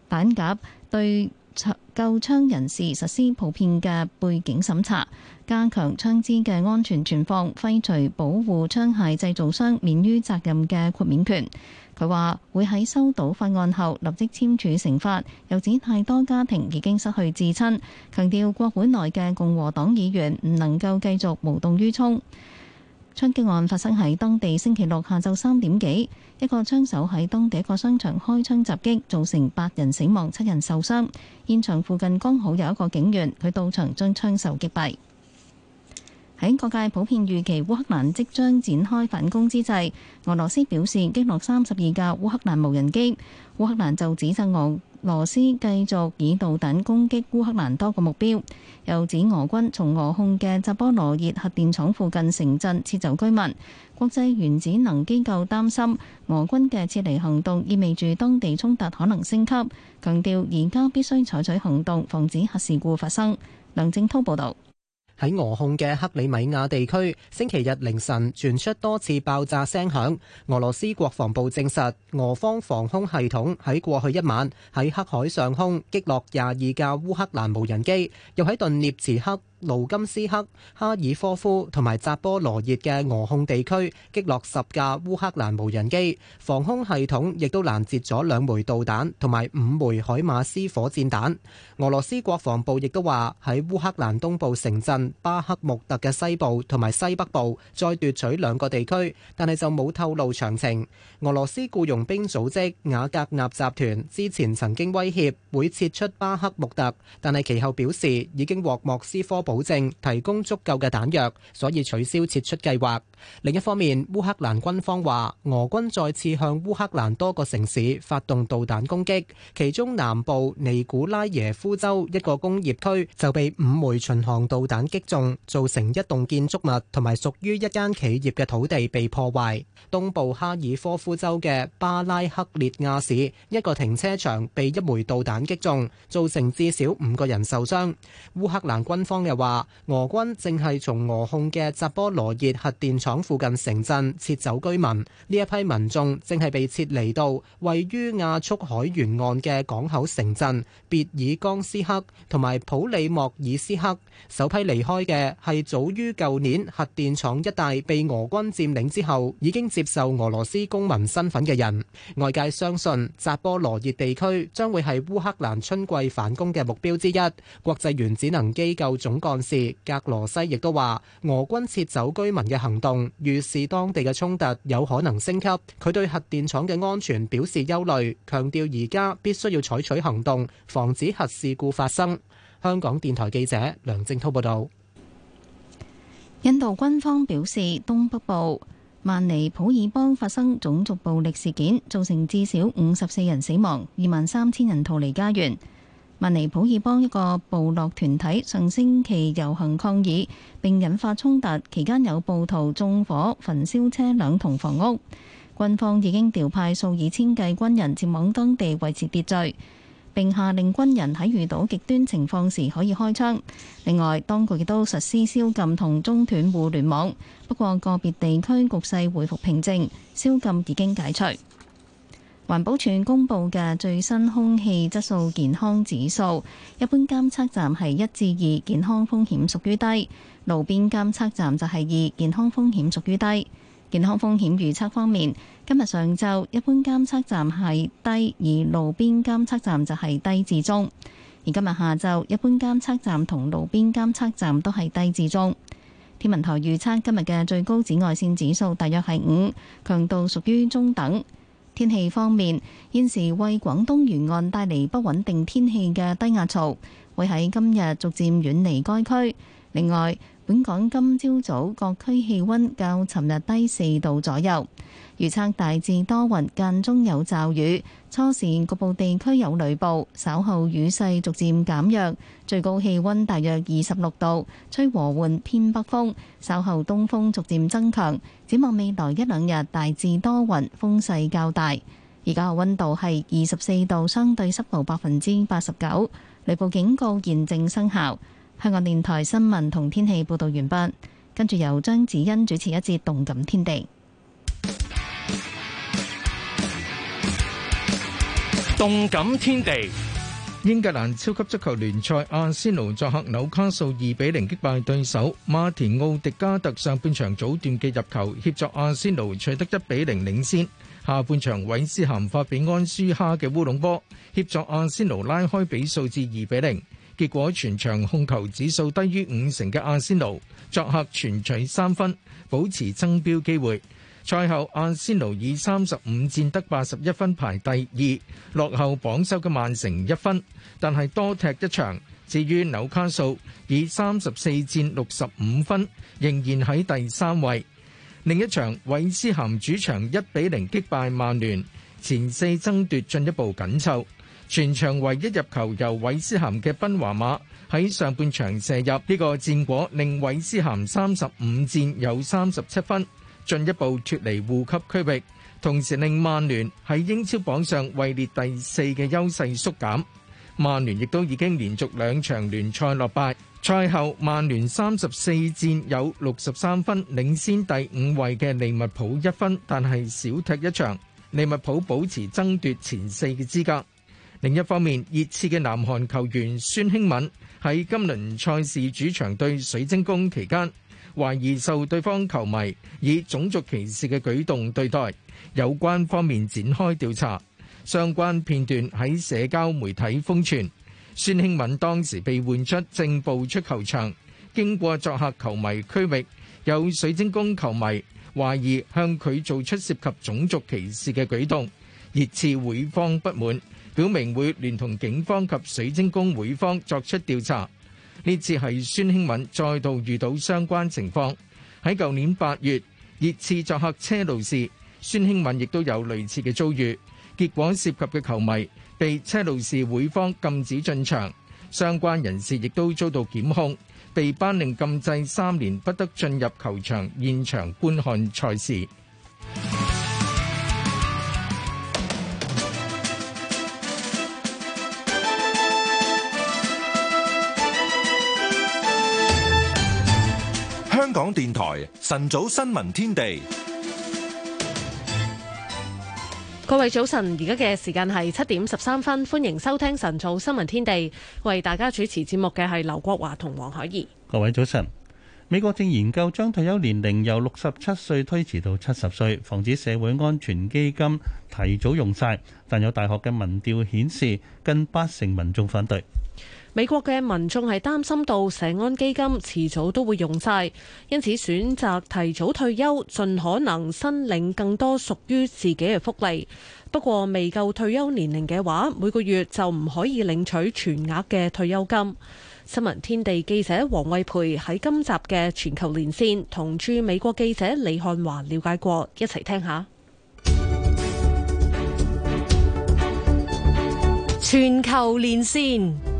Speaker 14: 彈夾對。救槍人士實施普遍嘅背景審查，加強槍支嘅安全存放，廢除保護槍械製造商免於責任嘅豁免權。佢話會喺收到法案後立即簽署成法，又指太多家庭已經失去至親，強調國會內嘅共和黨議員唔能夠繼續無動於衷。槍擊案發生喺當地星期六下晝三點幾，一個槍手喺當地一個商場開槍襲擊，造成八人死亡、七人受傷。現場附近剛好有一個警員，佢到場將槍手擊斃。喺各界普遍預期烏克蘭即將展開反攻之際，俄羅斯表示擊落三十二架烏克蘭無人機，烏克蘭就指責俄。羅斯繼續以導彈攻擊烏克蘭多個目標，又指俄軍從俄控嘅扎波羅熱核電廠附近城鎮撤走居民。國際原子能機構擔心俄軍嘅撤離行動意味住當地衝突可能升級，
Speaker 2: 強調而家必須採取行動防止核事故發生。梁正濤報道。喺俄控嘅克里米亞地區，星期日凌晨傳出多次爆炸聲響。俄羅斯國防部證實，俄方防空系統喺過去一晚喺黑海上空擊落廿二架烏克蘭無人機，又喺頓涅茨克、盧甘斯克、哈爾科夫同埋扎波羅熱嘅俄控地區擊落十架烏克蘭無人機，防空系統亦都攔截咗兩枚導彈同埋五枚海馬斯火箭彈。俄羅斯國防部亦都話喺烏克蘭東部城鎮巴克穆特嘅西部同埋西北部再奪取兩個地區，但係就冇透露詳情。俄羅斯僱傭兵組織瓦格納集團之前曾經威脅會撤出巴克穆特，但係其後表示已經獲莫斯科。保證提供足夠嘅彈藥，所以取消撤出計劃。另一方面，烏克蘭軍方話俄軍再次向烏克蘭多個城市發動導彈攻擊，其中南部尼古拉耶夫州一個工業區就被五枚巡航導彈擊中，造成一棟建築物同埋屬於一間企業嘅土地被破壞，東部哈爾科夫州嘅巴拉克列亞市一個停車場被一枚導彈擊中，造成至少五個人受傷，烏克蘭軍方又話俄軍正係從俄控嘅扎波羅熱核電廠港附近城鎮撤走居民，呢一批民眾正係被撤離到位於亞速海沿岸嘅港口城鎮別爾江斯克同埋普里莫爾斯克。首批離開嘅係早於舊年核電廠一帶被俄軍佔領之後，已經接受俄羅斯公民身份嘅人。外界相信扎波羅熱地區將會係烏克蘭春季反攻嘅目標之一。國際原子能機構總幹事格羅西亦都話，俄軍撤走居民嘅行動。預示當地嘅衝突有可能升級，佢對核電廠嘅安全表示憂慮，強調而家必須要採取行動，防止核事故發生。香港電台記者梁正濤報道。
Speaker 14: 印度軍方表示，東北部曼尼普爾邦發生種族暴力事件，造成至少五十四人死亡，二萬三千人逃離家園。曼尼普爾邦一個部落團體上星期遊行抗議，並引發衝突，期間有暴徒縱火、焚燒車輛同房屋。軍方已經調派數以千計軍人前往當地維持秩序，並下令軍人喺遇到極端情況時可以開槍。另外，當局亦都實施宵禁同中斷互聯網，不過個別地區局勢回復平靜，宵禁已經解除。環保署公布嘅最新空氣質素健康指數，一般監測站係一至二，健康風險屬於低；路邊監測站就係二，健康風險屬於低。健康風險預測方面，今日上晝一般監測站係低，而路邊監測站就係低至中；而今日下晝一般監測站同路邊監測站都係低至中。天文台預測今日嘅最高紫外線指數大約係五，強度屬於中等。天氣方面，現時為廣東沿岸帶嚟不穩定天氣嘅低壓槽，會喺今日逐漸遠離該區。另外，本港今朝早各區氣溫較尋日低四度左右。預測大致多雲，間中有驟雨，初時局部地區有雷暴，稍後雨勢逐漸減弱，最高氣溫大約二十六度，吹和緩偏北風，稍後東風逐漸增強。展望未來一兩日，大致多雲，風勢較大。而家嘅溫度係二十四度，相對濕度百分之八十九，雷暴警告現正生效。香港電台新聞同天氣報道完畢，跟住由張子欣主持一節《動感天地》。
Speaker 10: 動感天地，英格蘭超級足球聯賽，阿仙奴作客紐卡素二比零擊敗對手。馬田奧迪加特上半場早段嘅入球協助阿仙奴取得一比零領先。下半場韋斯咸發俾安舒哈嘅烏龍波協助阿仙奴拉開比數至二比零。結果全場控球指數低於五成嘅阿仙奴作客全取三分，保持爭標機會。賽後，阿仙奴以三十五戰得八十一分排第二，落後榜首嘅曼城一分，但係多踢一場。至於紐卡素以三十四戰六十五分，仍然喺第三位。另一場，韋斯咸主場一比零擊敗曼聯，前四爭奪進一步緊湊。全場唯一入球由韋斯咸嘅賓華馬喺上半場射入，呢個戰果令韋斯咸三十五戰有三十七分。進一步脫離護級區域，同時令曼聯喺英超榜上位列第四嘅優勢縮減。曼聯亦都已經連續兩場聯賽落敗。賽後曼聯三十四戰有六十三分，領先第五位嘅利物浦一分，但係少踢一場。利物浦保持爭奪前四嘅資格。另一方面，熱刺嘅南韓球員孫興敏喺今輪賽事主場對水晶宮期間。懷疑受對方球迷以種族歧視嘅舉動對待，有關方面展開調查。相關片段喺社交媒體瘋傳。孫興敏當時被換出，正步出球場，經過作客球迷區域，有水晶宮球迷懷疑向佢做出涉及種族歧視嘅舉動，熱刺會方不滿，表明會聯同警方及水晶宮會方作出調查。呢次係孫興慜再度遇到相關情況。喺舊年八月，熱刺作客車路士，孫興慜亦都有類似嘅遭遇。結果涉及嘅球迷被車路士會方禁止進場，相關人士亦都遭到檢控，被頒令禁制三年不得進入球場現場觀看賽事。
Speaker 1: 香港電台晨早新聞天地，
Speaker 3: 各位早晨，而家嘅時間係七點十三分，歡迎收聽晨早新聞天地，為大家主持節目嘅係劉國華同黃海怡。
Speaker 4: 各位早晨，美國正研究將退休年齡由六十七歲推遲到七十歲，防止社會安全基金提早用晒，但有大學嘅民調顯示，近八成民眾反對。
Speaker 3: 美國嘅民眾係擔心到社安基金遲早都會用晒，因此選擇提早退休，盡可能申領更多屬於自己嘅福利。不過未夠退休年齡嘅話，每個月就唔可以領取全額嘅退休金。新聞天地記者黃慧培喺今集嘅全球連線同駐美國記者李漢華了解過，一齊聽
Speaker 17: 下。全球連線。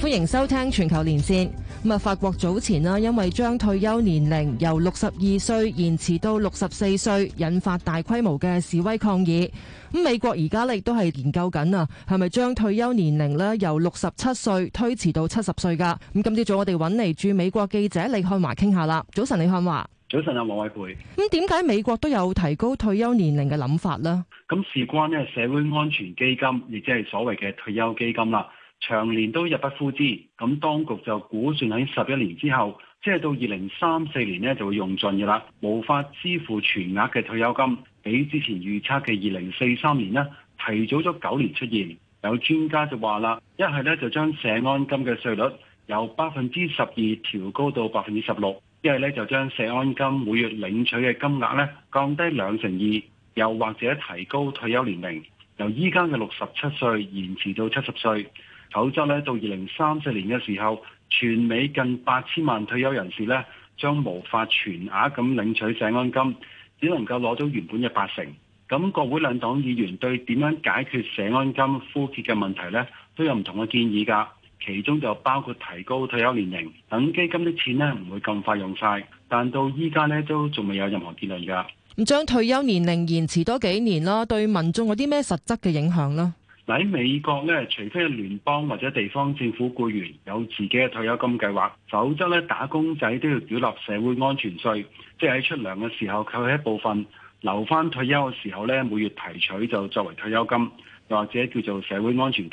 Speaker 17: 歡迎收聽全球連線。咁啊，法國早前啦，因為將退休年齡由六十二歲延遲到六十四歲，引發大規模嘅示威抗議。咁美國而家亦都係研究緊啊，係咪將退休年齡咧由六十七歲推遲到七十歲噶？咁今朝早我哋搵嚟駐美國記者李漢華傾下啦。早晨，李漢華。
Speaker 18: 早晨啊，王偉培。咁
Speaker 17: 點解美國都有提高退休年齡嘅諗法呢？
Speaker 18: 咁事關咧社會安全基金，亦即係所謂嘅退休基金啦。長年都入不敷支，咁當局就估算喺十一年之後，即係到二零三四年呢就會用盡嘅啦，無法支付全額嘅退休金。比之前預測嘅二零四三年呢提早咗九年出現。有專家就話啦，一係呢，就將社安金嘅稅率由百分之十二調高到百分之十六，一係呢，就將社安金每月領取嘅金額呢降低兩成二，又或者提高退休年齡，由依家嘅六十七歲延遲到七十歲。否則咧，到二零三四年嘅時候，全美近八千萬退休人士咧，將無法全額咁領取社安金，只能夠攞到原本嘅八成。咁國會兩黨議員對點樣解決社安金枯竭嘅問題咧，都有唔同嘅建議㗎。其中就包括提高退休年齡，等基金啲錢咧唔會咁快用晒，但到依家咧都仲未有任何結論㗎。咁
Speaker 17: 將退休年齡延遲多幾年啦，對民眾有啲咩實質嘅影響呢？
Speaker 18: 喺美國咧，除非係聯邦或者地方政府僱員有自己嘅退休金計劃，否則咧，打工仔都要繳納社會安全稅，即係喺出糧嘅時候扣一部分，留翻退休嘅時候咧每月提取就作為退休金，又或者叫做社會安全金。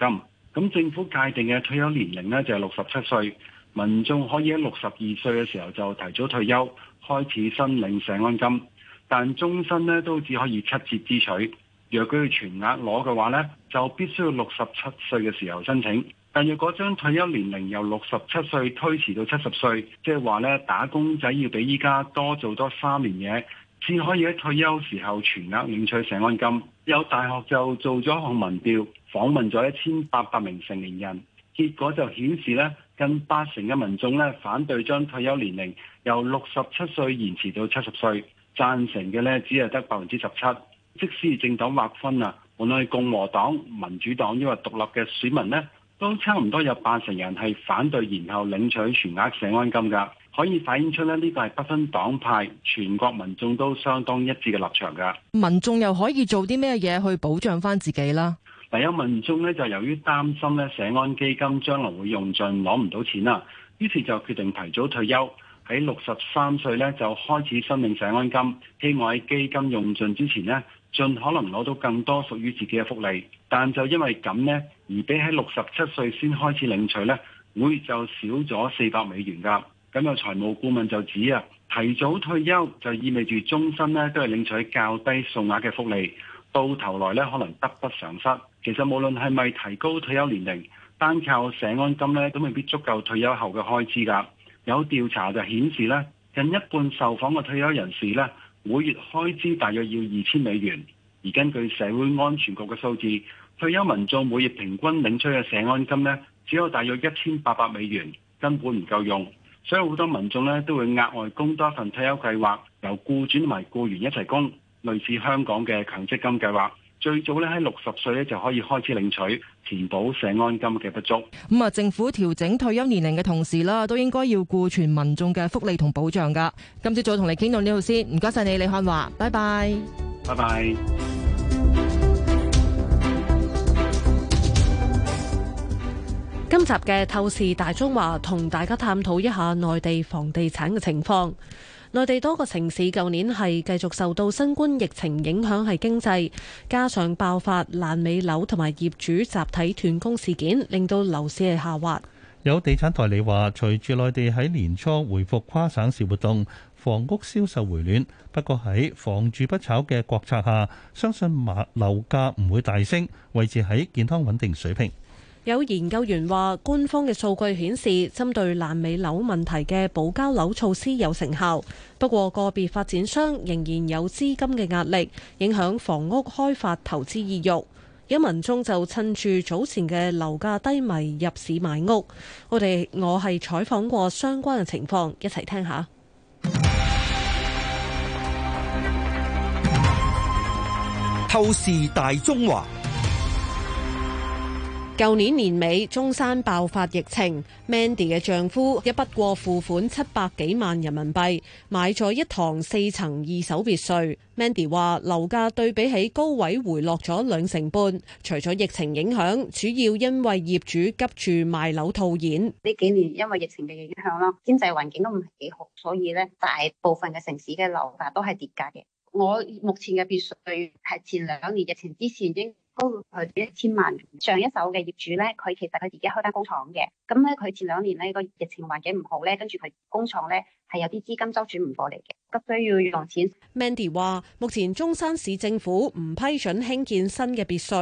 Speaker 18: 咁政府界定嘅退休年齡咧就係六十七歲，民眾可以喺六十二歲嘅時候就提早退休，開始申領社安金，但終身咧都只可以七折支取。若佢要全額攞嘅話呢，就必須要六十七歲嘅時候申請。但若果將退休年齡由六十七歲推遲到七十歲，即係話咧打工仔要比依家多做多三年嘢，先可以喺退休時候全額領取取社安金。有大學就做咗一項民調，訪問咗一千八百名成年人，結果就顯示咧，近八成嘅民眾咧反對將退休年齡由六十七歲延遲到七十歲，贊成嘅呢只係得百分之十七。即使政黨劃分啊，無論係共和黨、民主黨抑或獨立嘅選民呢，都差唔多有八成人係反對然後領取全額社安金㗎，可以反映出咧呢個係不分黨派全國民眾都相當一致嘅立場㗎。
Speaker 17: 民眾又可以做啲咩嘢去保障翻自己啦？
Speaker 18: 嗱，有民眾呢就由於擔心咧社安基金將來會用盡攞唔到錢啦，於是就決定提早退休，喺六十三歲呢就開始申領社安金，希望喺基金用盡之前呢，盡可能攞到更多屬於自己嘅福利，但就因為咁呢，而比喺六十七歲先開始領取呢，每月就少咗四百美元㗎。咁有財務顧問就指啊，提早退休就意味住終身呢都係領取較低數額嘅福利，到頭來呢可能得不償失。其實無論係咪提高退休年齡，單靠社安金呢，都未必足夠退休後嘅開支㗎。有調查就顯示呢，近一半受訪嘅退休人士呢，每月開支大約要二千美元，而根據社會安全局嘅數字，退休民眾每月平均領取嘅社安金呢，只有大約一千八百美元，根本唔夠用，所以好多民眾呢，都會額外供多一份退休計劃，由僱主同埋僱員一齊供，類似香港嘅強積金計劃。最早咧喺六十歲咧就可以開始領取填補社安金嘅不足。
Speaker 17: 咁啊，政府調整退休年齡嘅同時啦，都應該要顧全民眾嘅福利同保障噶。今朝再同你傾到呢度先，唔該晒你李漢華，拜拜，
Speaker 16: 拜拜 bye。
Speaker 3: 今集嘅透視大中華，同大家探討一下內地房地產嘅情況。內地多個城市舊年係繼續受到新冠疫情影響，係經濟加上爆發爛尾樓同埋業主集體斷供事件，令到樓市係下滑。
Speaker 4: 有地產代理話，隨住內地喺年初回復跨省市活動，房屋銷售回暖。不過喺房住不炒嘅國策下，相信麻樓價唔會大升，維持喺健康穩定水平。
Speaker 3: 有研究員話，官方嘅數據顯示，針對爛尾樓問題嘅保交樓措施有成效。不過，個別發展商仍然有資金嘅壓力，影響房屋開發投資意欲。有民眾就趁住早前嘅樓價低迷入市買屋。我哋我係採訪過相關嘅情況，一齊聽下。
Speaker 1: 透視大中華。
Speaker 3: 舊年年尾，中山爆發疫情，Mandy 嘅丈夫一筆過付款七百幾萬人民幣，買咗一幢四層二手別墅。Mandy 話，樓價對比起高位回落咗兩成半，除咗疫情影響，主要因為業主急住賣樓套現。呢幾年因為疫情嘅影響啦，經
Speaker 13: 濟環境都唔係幾好，所以咧大部分嘅城市嘅樓價都係跌價嘅。我目前嘅別墅對係前兩年疫情之前已經。高個佢一千萬，上一手嘅業主咧，佢其實佢自己開間工廠嘅，咁咧佢前兩年咧個疫情環境唔好咧，跟住佢
Speaker 3: 工廠咧。係有啲資金周轉唔過嚟嘅，急需要用錢。Mandy 話：目前中山市政府唔批准興建新嘅別墅，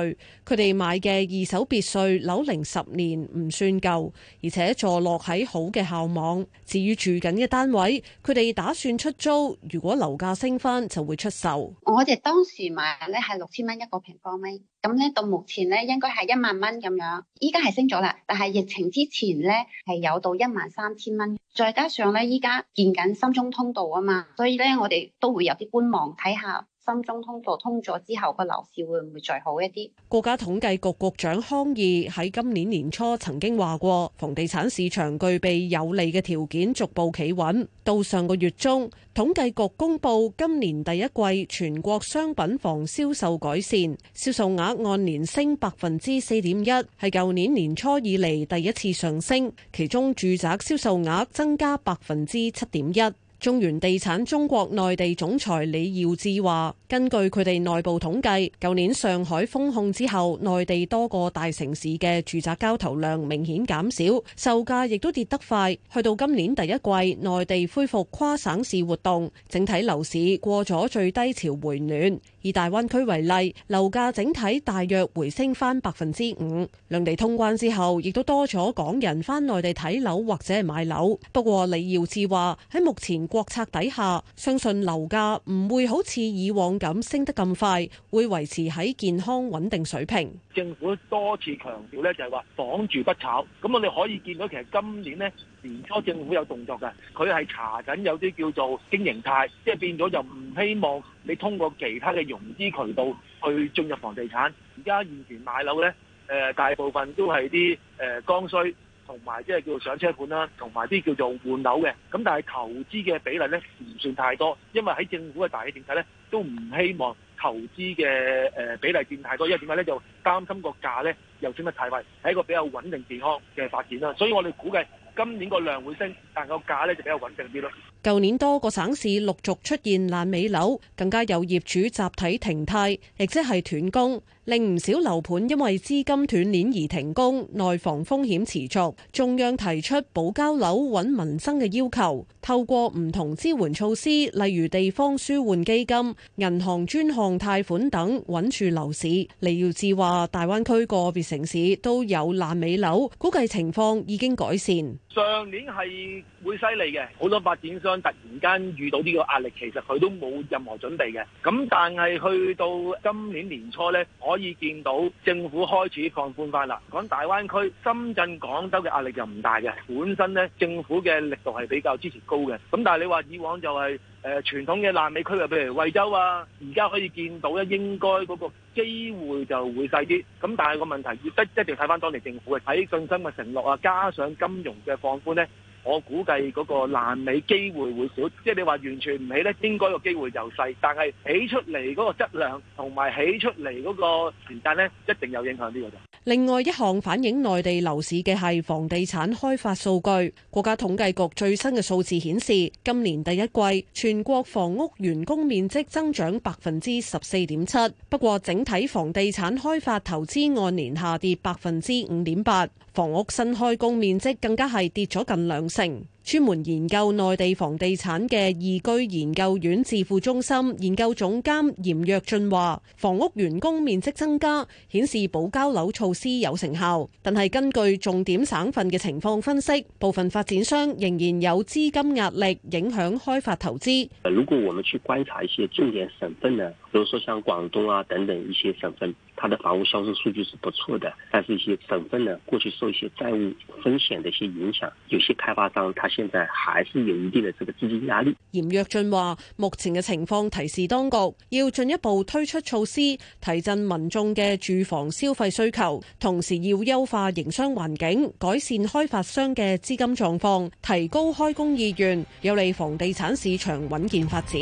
Speaker 3: 佢哋買嘅二手別墅樓齡十年唔算舊，而且坐落喺好嘅校網。至於住緊嘅單位，佢哋打算出租，如果樓價升翻就會出售。
Speaker 13: 我哋當時買咧係六千蚊一個平方米，咁咧到目前咧應該係一萬蚊咁樣，依家係升咗啦。但係疫情之前咧係有到一萬三千蚊，再加上咧依家。建緊深中通道啊嘛，所以呢我哋都會有啲觀望，睇下。深中通道通咗之後個樓市會唔會再好一啲？
Speaker 3: 國家統計局局長康義喺今年年初曾經話過房地產市場具備有利嘅條件，逐步企穩。到上個月中，統計局公布今年第一季全國商品房銷售改善，銷售額按年升百分之四點一，係舊年年初以嚟第一次上升，其中住宅銷售額增加百分之七點一。中原地產中國內地總裁李耀智話，根據佢哋內部統計，舊年上海封控之後，內地多個大城市嘅住宅交投量明顯減少，售價亦都跌得快。去到今年第一季，內地恢復跨省市活動，整體樓市過咗最低潮回暖。以大灣區為例，樓價整體大約回升翻百分之五。兩地通關之後，亦都多咗港人翻內地睇樓或者買樓。不過李耀智話，喺目前。國策底下，相信樓價唔會好似以往咁升得咁快，會維持喺健康穩定水平。
Speaker 5: 政府多次強調咧，就係話房住不炒。咁我哋可以見到，其實今年咧年初政府有動作嘅，佢係查緊有啲叫做經營貸，即係變咗就唔希望你通過其他嘅融資渠道去進入房地產。而家現時買樓咧，誒大部分都係啲誒剛需。同埋即係叫做上車盤啦，同埋啲叫做換樓嘅，咁但係投資嘅比例咧唔算太多，因為喺政府嘅大氣政策咧都唔希望投資嘅誒比例變太多，因為點解咧就擔心個價咧又升得太快，係一個比較穩定健康嘅發展啦。所以我哋估計今年個量會升，但個價咧就比較穩定啲咯。
Speaker 3: 舊年多個省市陸續出現爛尾樓，更加有業主集體停貸，亦即係斷供。令唔少樓盤因為資金斷鏈而停工，內房風險持續。中央提出保交樓、穩民生嘅要求，透過唔同支援措施，例如地方舒緩基金、銀行專項貸款等，穩住樓市。李耀智話，大灣區個別城市都有爛尾樓，估計情況已經改善。
Speaker 5: 上年係會犀利嘅，好多發展商突然間遇到呢個壓力，其實佢都冇任何準備嘅。咁但係去到今年年初呢，我可以見到政府開始放寬翻啦。講大灣區、深圳、廣州嘅壓力就唔大嘅，本身呢，政府嘅力度係比較支持高嘅。咁但係你話以往就係、是、誒、呃、傳統嘅爛尾區啊，譬如惠州啊，而家可以見到咧，應該嗰個機會就會細啲。咁但係個問題亦都一定要睇翻當地政府嘅喺進身嘅承諾啊，加上金融嘅放寬呢。我估計嗰個爛尾機會會少，即係你話完全唔起呢，應該個機會就細。但係起出嚟嗰個質量同埋起出嚟嗰個時間呢，一定有影響呢個。
Speaker 3: 另外，一項反映內地樓市嘅係房地產開發數據。國家統計局最新嘅數字顯示，今年第一季全國房屋完工面積增長百分之十四點七。不過，整體房地產開發投資按年下跌百分之五點八。房屋新開工面積更加係跌咗近兩成。專門研究內地房地產嘅易居研究院智庫中心研究總監嚴躍進話，房屋完工面積增加，顯示保交樓措施有成效。但係根據重點省份嘅情況分析，部分發展商仍然有資金壓力，影響開發投資。
Speaker 11: 如果我們去觀察一些重點省份呢，比如說像廣東啊等等一些省份。他的房屋銷售數據是不錯的，但是一些省份呢，過去受一些債務風險的一些影響，有些開發商，他現在還是有一定的這個資金壓力。
Speaker 3: 嚴躍進話：目前嘅情況提示當局要進一步推出措施，提振民眾嘅住房消費需求，同時要優化營商環境，改善開發商嘅資金狀況，提高開工意願，有利房地產市場穩健發展。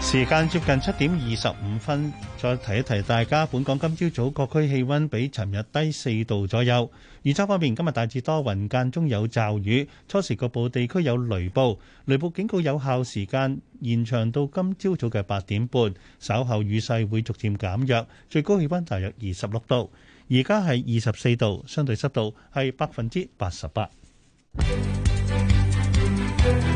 Speaker 4: 時間接近七點二十五分，再提一提大家。本港今朝早，早各區氣溫比尋日低四度左右。預測方面，今日大致多雲間中有驟雨，初時局部地區有雷暴，雷暴警告有效時間延長到今朝早嘅八點半。稍後雨勢會逐漸減弱，最高氣溫大約二十六度。而家係二十四度，相對濕度係百分之八十八。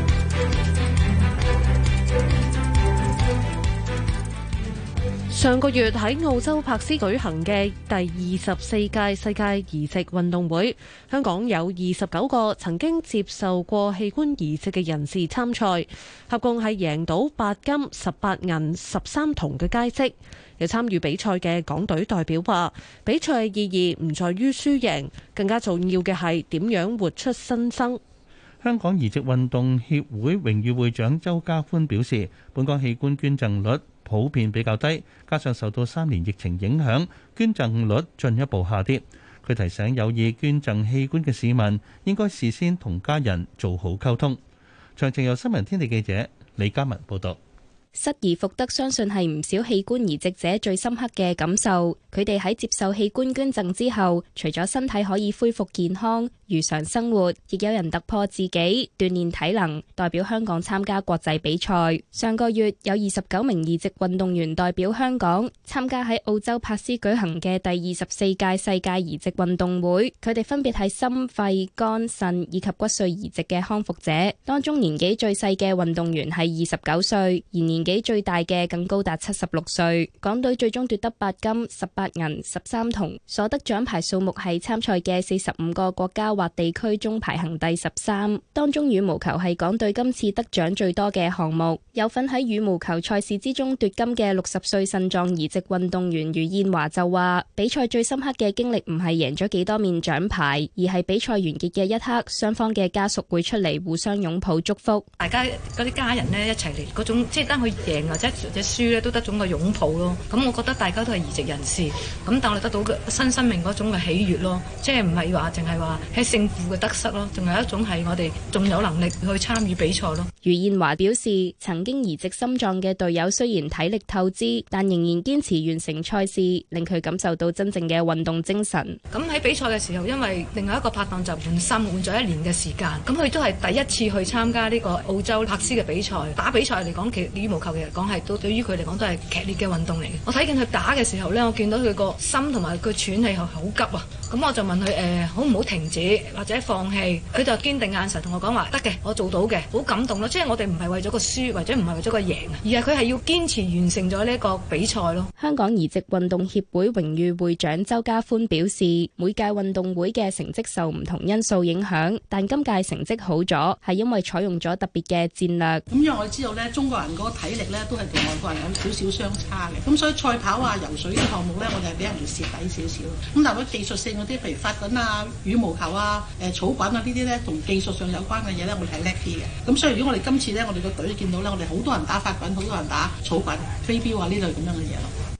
Speaker 3: 上個月喺澳洲柏斯舉行嘅第二十四屆世界移植運動會，香港有二十九個曾經接受過器官移植嘅人士參賽，合共係贏到八金、十八銀、十三銅嘅佳績。有參與比賽嘅港隊代表話，比賽意義唔在於輸贏，更加重要嘅係點樣活出新生。
Speaker 4: 香港移植運動協會榮譽會長周家歡表示，本港器官捐贈率普遍比較低，加上受到三年疫情影響，捐贈率進一步下跌。佢提醒有意捐贈器官嘅市民，應該事先同家人做好溝通。詳情由新聞天地記者李嘉文報道。
Speaker 19: 失而復得，相信係唔少器官移植者最深刻嘅感受。佢哋喺接受器官捐贈之後，除咗身體可以恢復健康，如常生活，亦有人突破自己，鍛煉體能，代表香港參加國際比賽。上個月有二十九名移植運動員代表香港參加喺澳洲珀斯舉行嘅第二十四屆世界移植運動會，佢哋分別係心肺、肝腎以及骨髓移植嘅康復者。當中年紀最細嘅運動員係二十九歲，而年紀最大嘅更高達七十六歲。港隊最終奪得八金、十八銀、十三銅，所得獎牌數目係參賽嘅四十五個國家或地區中排行第十三，當中羽毛球係港隊今次得獎最多嘅項目。有份喺羽毛球賽事之中奪金嘅六十歲腎臟移植運動員余燕華就話，比賽最深刻嘅經歷唔係贏咗幾多面獎牌，而係比賽完結嘅一刻，雙方嘅家屬會出嚟互相擁抱祝福。大
Speaker 13: 家嗰啲家人咧一齊嚟嗰種，即係等佢贏或者輸咧都得種嘅擁抱咯。咁我覺得大家都係移植人士，咁但係得到新生命嗰種嘅喜悅咯，即係唔係話淨係話政府嘅得失咯，仲有一種係我哋仲有能力去參與比賽咯。
Speaker 19: 余燕華表示，曾經移植心臟嘅隊友雖然體力透支，但仍然堅持完成賽事，令佢感受到真正嘅運動精神。
Speaker 13: 咁喺比賽嘅時候，因為另外一個拍檔就換心換咗一年嘅時間，咁佢都係第一次去參加呢個澳洲柏斯嘅比賽。打比賽嚟講，其羽毛球嚟講係都對於佢嚟講都係劇烈嘅運動嚟嘅。我睇見佢打嘅時候呢，我見到佢個心同埋佢個喘氣係好急啊！咁我就問佢誒、呃，好唔好停止？或者放棄，佢就堅定眼神同我講話得嘅，我做到嘅，好感動咯。即係我哋唔係為咗個輸，或者唔係為咗個贏啊，
Speaker 19: 而係佢係要堅持完成咗呢一個比賽咯。香港移植運動協會榮譽會長周家歡表示，每屆運動會嘅成績受唔同因素影響，但今屆成績好咗係因為採用咗特別嘅戰略。咁
Speaker 20: 因為我知道咧，中國人嗰個體力咧都係同外國人有少少相差嘅，咁所以賽跑啊、游水啲項目咧，我哋係俾人哋蝕底少少。咁但係佢技術性嗰啲，譬如發滾啊、羽毛球啊。啊！誒草滾啊，呢啲咧同技術上有關嘅嘢咧，我哋係叻啲嘅。咁所以如果我哋今次咧，我哋個隊見到咧，我哋好多人打法滾，好多人打草滾，飛鏢啊呢類咁樣嘅嘢。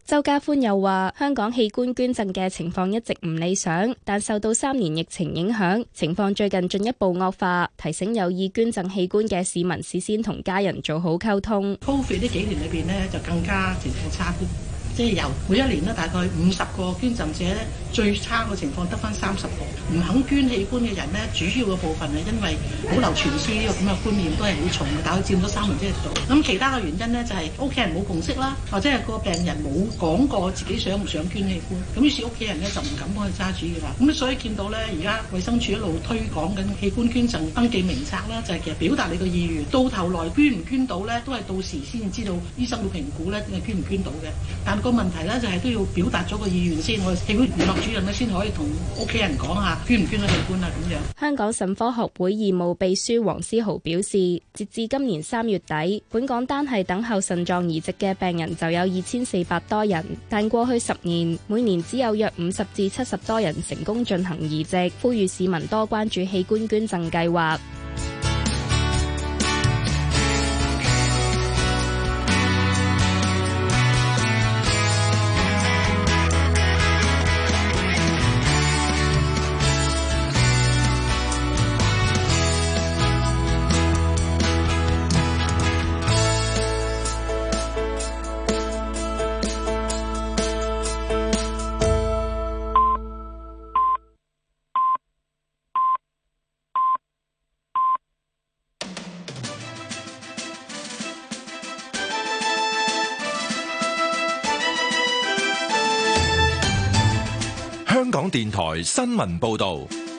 Speaker 19: 周家歡又話：香港器官捐贈嘅情況一直唔理想，但受到三年疫情影響，情況最近進一步惡化，提醒有意捐贈器官嘅市民事先同家人做好溝通。COVID 呢幾年裏邊咧，就
Speaker 20: 更加情況差啲。由每一年咧大概五十個捐贈者咧，最差嘅情況得翻三十個，唔肯捐器官嘅人咧，主要嘅部分係因為保留全屍呢個咁嘅觀念都係好重嘅，但係佔咗三分之一度。咁其他嘅原因咧就係屋企人冇共識啦，或者係個病人冇講過自己想唔想捐器官，咁於是屋企人咧就唔敢幫佢揸主意啦。咁所以見到咧，而家衛生署一路推廣緊器官捐贈登記名冊啦，就係、是、其實表達你嘅意願。到頭來捐唔捐到咧，都係到時先至知道醫生會評估咧，係捐唔捐到嘅。但問題咧就係、是、都要表達咗個意願先，我哋器官聯絡主任呢，先可以同屋企人講下捐唔捐嗰器官啊咁樣。
Speaker 19: 香港腎科學會義務秘書黃思豪表示，截至今年三月底，本港單係等候腎臟移植嘅病人就有二千四百多人，但過去十年每年只有約五十至七十多人成功進行移植，呼籲市民多關注器官捐贈計劃。
Speaker 1: 電台新聞報道。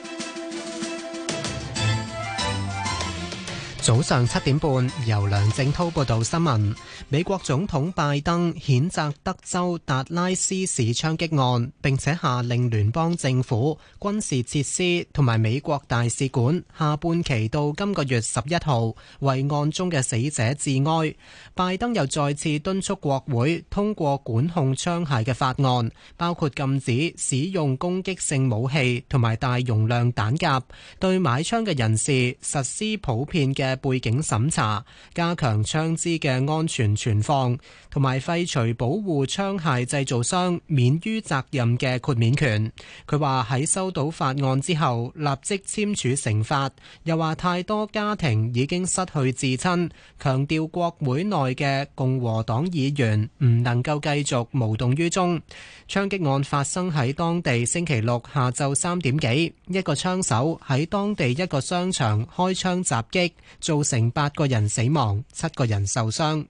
Speaker 2: 早上七點半，由梁正濤報道新聞。美國總統拜登譴責德州達拉斯市槍擊案，並且下令聯邦政府、軍事設施同埋美國大使館下半期到今個月十一號為案中嘅死者致哀。拜登又再次敦促國會通過管控槍械嘅法案，包括禁止使用攻擊性武器同埋大容量彈匣，對買槍嘅人士實施普遍嘅背景審查，加強槍支嘅安全存放。同埋廢除保護槍械製造商免於責任嘅豁免權。佢話喺收到法案之後，立即簽署成法。又話太多家庭已經失去至親，強調國會內嘅共和黨議員唔能夠繼續無動於衷。槍擊案發生喺當地星期六下晝三點幾，一個槍手喺當地一個商場開槍襲擊，造成八個人死亡，七個人受傷。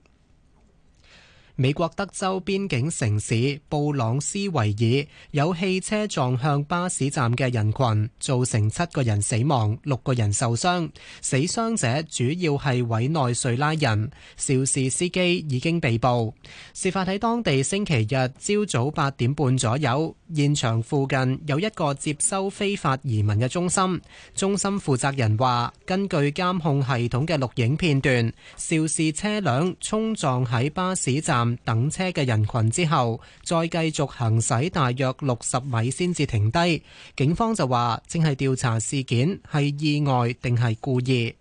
Speaker 2: 美國德州邊境城市布朗斯維爾有汽車撞向巴士站嘅人群，造成七個人死亡，六個人受傷。死傷者主要係委內瑞拉人。肇事司機已經被捕。事發喺當地星期日朝早八點半左右，現場附近有一個接收非法移民嘅中心。中心負責人話，根據監控系統嘅錄影片段，肇事車輛衝撞喺巴士站，等車嘅人群之後，再繼續行駛大約六十米先至停低。警方就話正係調查事件，係意外定係故意。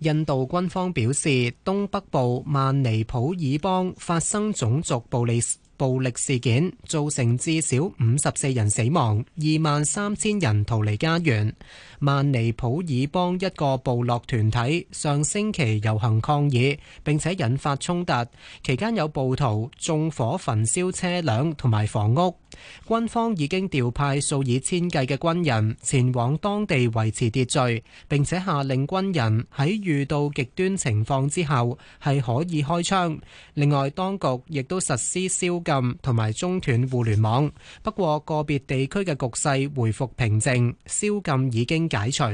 Speaker 2: 印度軍方表示，東北部曼尼普爾邦發生種族暴力。暴力事件造成至少五十四人死亡，二萬三千人逃離家園。曼尼普爾邦一個部落團體上星期遊行抗議，並且引發衝突，期間有暴徒縱火焚燒車輛同埋房屋。軍方已經調派數以千計嘅軍人前往當地維持秩序，並且下令軍人喺遇到極端情況之後係可以開槍。另外，當局亦都實施宵禁同埋中斷互聯網。不過，個別地區嘅局勢回復平靜，宵禁已經解除。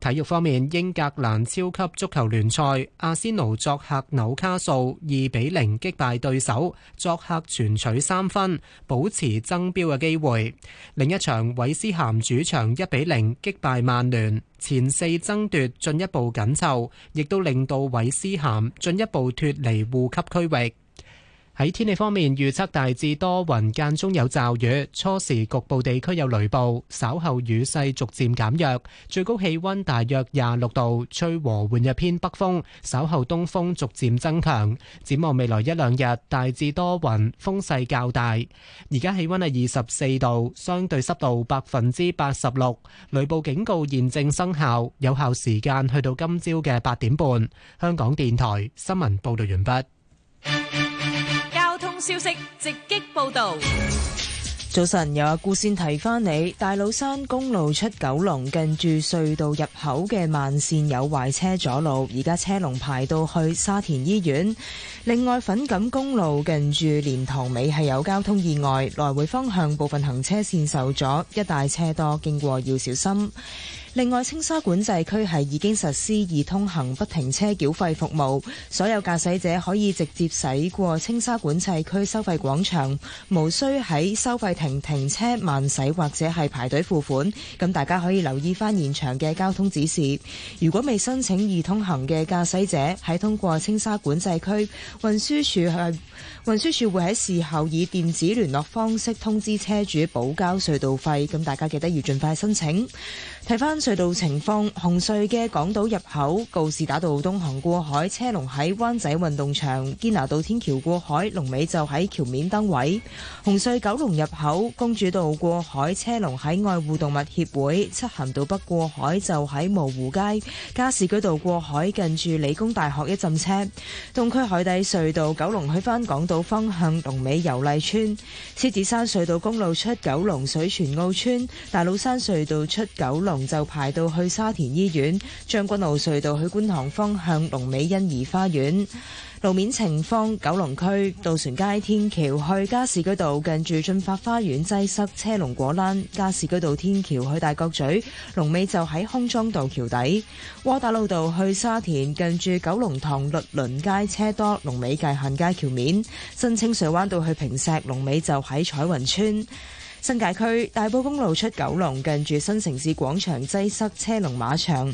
Speaker 2: 體育方面，英格蘭超級足球聯賽，阿仙奴作客紐卡素，二比零擊敗對手，作客全取三分，保持爭標嘅機會。另一場，韋斯咸主場一比零擊敗曼聯，前四爭奪進一步緊湊，亦都令到韋斯咸進一步脫離護級區域。喺天氣方面，預測大致多雲，間中有驟雨，初時局部地區有雷暴，稍後雨勢逐漸減弱。最高氣溫大約廿六度，吹和緩日偏北風，稍後東風逐漸增強。展望未來一兩日，大致多雲，風勢較大。而家氣溫係二十四度，相對濕度百分之八十六，雷暴警告現正生效，有效時間去到今朝嘅八點半。香港電台新聞報道完畢。
Speaker 13: 消息直擊報道。
Speaker 2: 早晨，有阿顧先提翻你，
Speaker 12: 大老山公路出九龍近住隧道入口嘅慢綫有壞車阻路，而家車龍排到去沙田醫院。另外，粉錦公路近住蓮塘尾係有交通意外，來回方向部分行車綫受阻，一帶車多，經過要小心。另外，青沙管制區係已經實施易通行不停車繳費服務，所有駕駛者可以直接駛過青沙管制區收費廣場，無需喺收費亭停車慢駛或者係排隊付款。咁大家可以留意翻現場嘅交通指示。如果未申請易通行嘅駕駛者喺通過青沙管制區運輸署，運輸署係運輸署會喺事後以電子聯絡方式通知車主補交隧道費。咁大家記得要盡快申請。睇翻隧道情況，紅隧嘅港島入口告士打道東行過海，車龍喺灣仔運動場；堅拿道天橋過海，龍尾就喺橋面燈位。紅隧九龍入口公主道過海，車龍喺愛護動物協會；漆咸道北過海就喺蕪湖街；加士居道過海近住理工大學一浸車。東區海底隧道九龍去返港島方向，龍尾油麗村；獅子山隧道公路出九龍水泉澳村；大老山隧道出九龍，就排到去沙田醫院，將軍澳隧道去觀塘方向，龍尾欣怡花園。路面情況：九龍區渡船街天橋去加士居道，近住駿發花園擠塞，車龍果欄；加士居道天橋去大角咀，龍尾就喺康莊道橋底；窩打老道去沙田，近住九龍塘律倫街車多，龍尾界限街橋面；新清水灣道去坪石，龍尾就喺彩雲村。新界區大埔公路出九龍，近住新城市廣場擠塞，車龍馬場；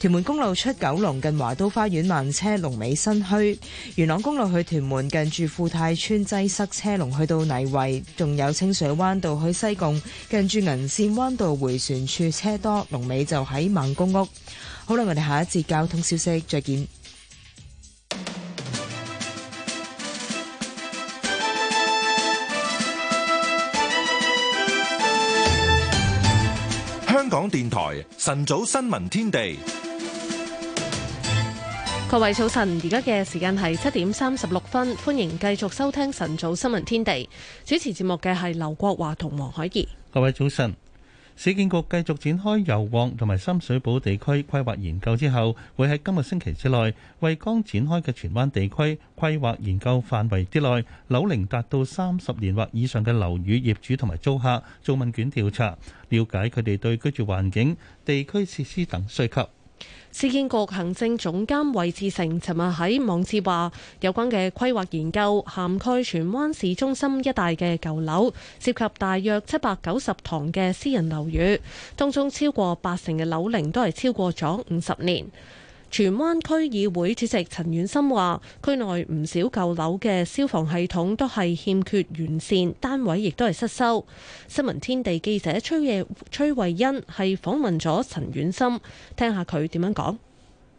Speaker 12: 屯門公路出九龍近華都花園，慢車，龍尾新墟；元朗公路去屯門，近住富泰村擠塞，車龍去到泥圍，仲有清水灣道去西貢，近住銀綫灣道回旋處，車多，龍尾就喺孟公屋。好啦，我哋下一節交通消息再見。
Speaker 1: 香港電台晨早新聞天地，
Speaker 3: 各位早晨，而家嘅時間係七點三十六分，歡迎繼續收聽晨早新聞天地。主持節目嘅係劉國華同黃海怡。
Speaker 4: 各位早晨。市建局繼續展開油旺同埋深水埗地區規劃研究之後，會喺今個星期之內，為剛展開嘅荃灣地區規劃研究範圍之內，樓齡達到三十年或以上嘅樓宇業主同埋租客做問卷調查，了解佢哋對居住環境、地區設施等需求。
Speaker 3: 市建局行政總監韋志成尋日喺網誌話，有關嘅規劃研究涵蓋荃灣市中心一帶嘅舊樓，涉及大約七百九十幢嘅私人樓宇，當中超過八成嘅樓齡都係超過咗五十年。荃灣區議會主席陳婉心話：區內唔少舊樓嘅消防系統都係欠缺完善，單位亦都係失修。新聞天地記者崔慧崔慧欣係訪問咗陳婉心，聽下佢點樣講。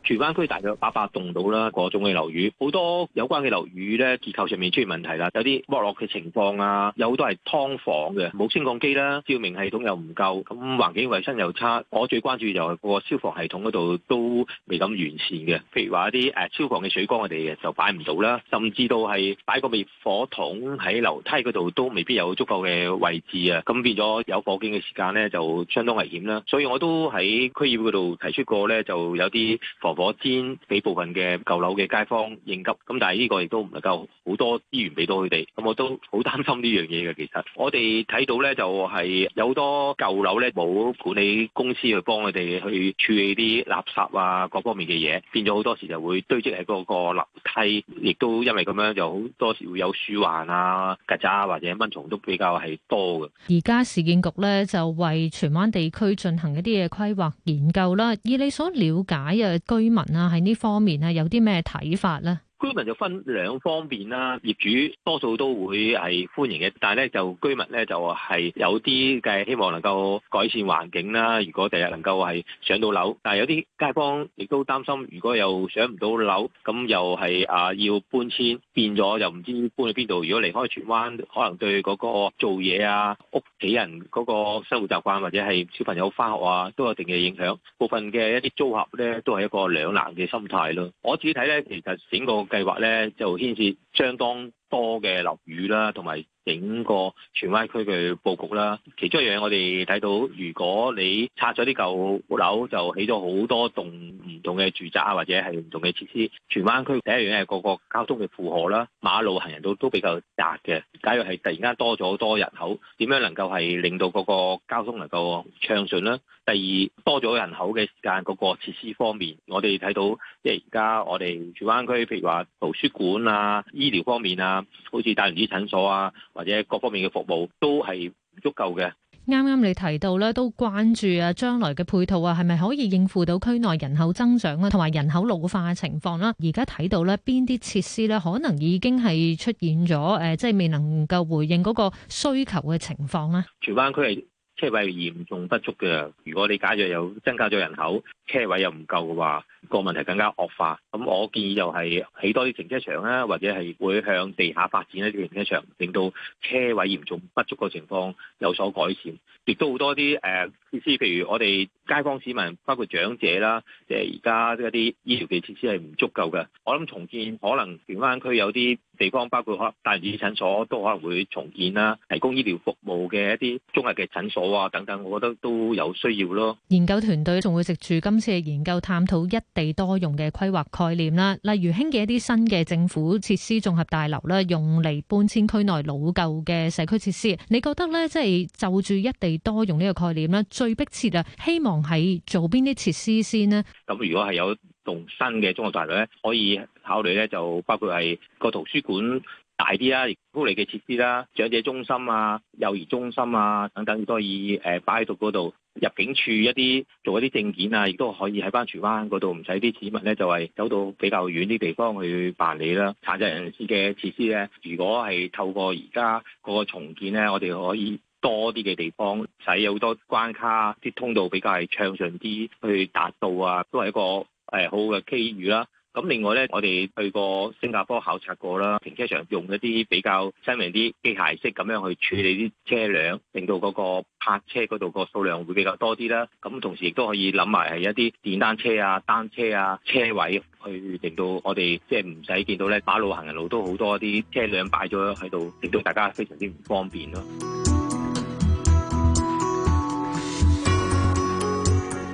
Speaker 11: 荃灣區大約八百棟到啦，各種嘅樓宇好多有關嘅樓宇咧，結構上面出現問題啦，有啲剝落嘅情況啊，有好多係劏房嘅，冇升降機啦，照明系統又唔夠，咁環境衞生又差。我最關注就係個消防系統嗰度都未咁完善嘅，譬如話一啲誒消防嘅水缸我哋就擺唔到啦，甚至到係擺個滅火筒喺樓梯嗰度都未必有足夠嘅位置啊，咁變咗有火警嘅時間咧就相當危險啦。所以我都喺區議會度提出過咧，就有啲防火先俾部分嘅舊樓嘅街坊應急，咁但係呢個亦都唔能夠好多資源俾到佢哋，咁我都好擔心呢樣嘢嘅。其實我哋睇到咧，就係有多舊樓咧冇管理公司去幫佢哋去處理啲垃圾啊，各方面嘅嘢，變咗好多時就會堆積喺嗰個樓梯，亦都因為咁樣就好多時會有鼠患啊、曱甴或者蚊蟲都比較係多嘅。
Speaker 13: 而家市建局咧就為荃灣地區進行一啲嘅規劃研究啦，以你所了解啊，居民啊，喺呢方面啊，有啲咩睇法咧？
Speaker 11: 居民就分兩方面啦，業主多數都會係歡迎嘅，但係咧就居民咧就係有啲嘅，希望能夠改善環境啦。如果第日能夠係上到樓，但係有啲街坊亦都擔心，如果又上唔到樓，咁又係啊要搬遷，變咗又唔知搬去邊度。如果離開荃灣，可能對嗰個做嘢啊、屋企人嗰個生活習慣或者係小朋友翻學啊，都有一定嘅影響。部分嘅一啲租客咧，都係一個兩難嘅心態咯。我自己睇咧，其實整個計劃咧就牽涉。相當多嘅樓宇啦，同埋整個荃灣區嘅佈局啦。其中一樣我哋睇到，如果你拆咗啲舊樓，就起咗好多棟唔同嘅住宅啊，或者係唔同嘅設施。荃灣區第一樣嘢係個個交通嘅負荷啦，馬路行人道都，都比較窄嘅。假如係突然間多咗多人口，點樣能夠係令到個個交通能夠暢順咧？第二，多咗人口嘅時間，個個設施方面，我哋睇到即係而家我哋荃灣區，譬如話圖書館啊，醫療方面啊，好似大良啲診所啊，或者各方面嘅服務都係足夠嘅。
Speaker 13: 啱啱你提到咧，都關注啊，將來嘅配套啊，係咪可以應付到區內人口增長啊，同埋人口老化嘅情況啦？而家睇到咧，邊啲設施咧，可能已經係出現咗誒，即係未能夠回應嗰個需求嘅情況啊。
Speaker 11: 荃灣區係。車位嚴重不足嘅，如果你假若有增加咗人口，車位又唔夠嘅話，個問題更加惡化。咁我建議就係起多啲停車場啦，或者係會向地下發展一啲停車場，令到車位嚴重不足嘅情況有所改善。亦都好多啲誒設施，譬、呃、如我哋街坊市民，包括長者啦，即係而家即啲醫療嘅設施係唔足夠嘅。我諗重建可能荃灣區有啲。地方包括可能大型醫診所都可能會重建啦，提供醫療服務嘅一啲綜合嘅診所啊等等，我覺得都有需要咯。
Speaker 13: 研究團隊仲會藉住今次嘅研究探討一地多用嘅規劃概念啦，例如興建一啲新嘅政府設施綜合大樓啦，用嚟搬遷區內老舊嘅社區設施。你覺得咧，即係就住、是、一地多用呢個概念啦，最迫切啊，希望喺做邊啲設施先呢？
Speaker 11: 咁如果係有。同新嘅中學大樓咧，可以考慮咧，就包括係個圖書館大啲啦，高離嘅設施啦，長者中心啊、幼兒中心啊等等，都可以誒擺喺度嗰度。入境處一啲做一啲證件啊，亦都可以喺返荃灣嗰度，唔使啲市民咧就係、是、走到比較遠啲地方去辦理啦。殘疾人士嘅設施咧，如果係透過而家個重建咧，我哋可以多啲嘅地方，使好多關卡啲通道比較係暢順啲去達到啊，都係一個。係、哎、好嘅機遇啦，咁另外呢，我哋去過新加坡考察過啦，停車場用一啲比較新型啲機械式咁樣去處理啲車輛，令到嗰個泊車嗰度個數量會比較多啲啦。咁同時亦都可以諗埋係一啲電單車啊、單車啊車位去，去令到我哋即係唔使見到呢，把路行人路都好多啲車輛擺咗喺度，令到大家非常之唔方便咯。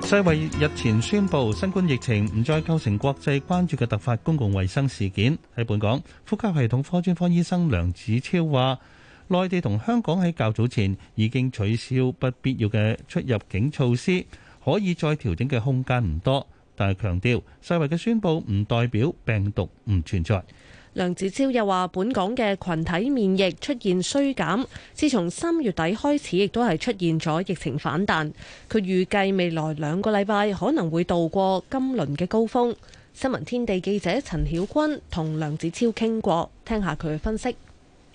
Speaker 4: 世衛日前宣布，新冠疫情唔再構成國際關注嘅突發公共衛生事件。喺本港，呼吸系統科專科醫生梁子超話，內地同香港喺較早前已經取消不必要嘅出入境措施，可以再調整嘅空間唔多。但係強調，世衛嘅宣布唔代表病毒唔存在。
Speaker 3: 梁子超又話：本港嘅群體免疫出現衰減，自從三月底開始，亦都係出現咗疫情反彈。佢預計未來兩個禮拜可能會度過今輪嘅高峰。新聞天地記者陳曉君同梁子超傾過，聽下佢嘅分析。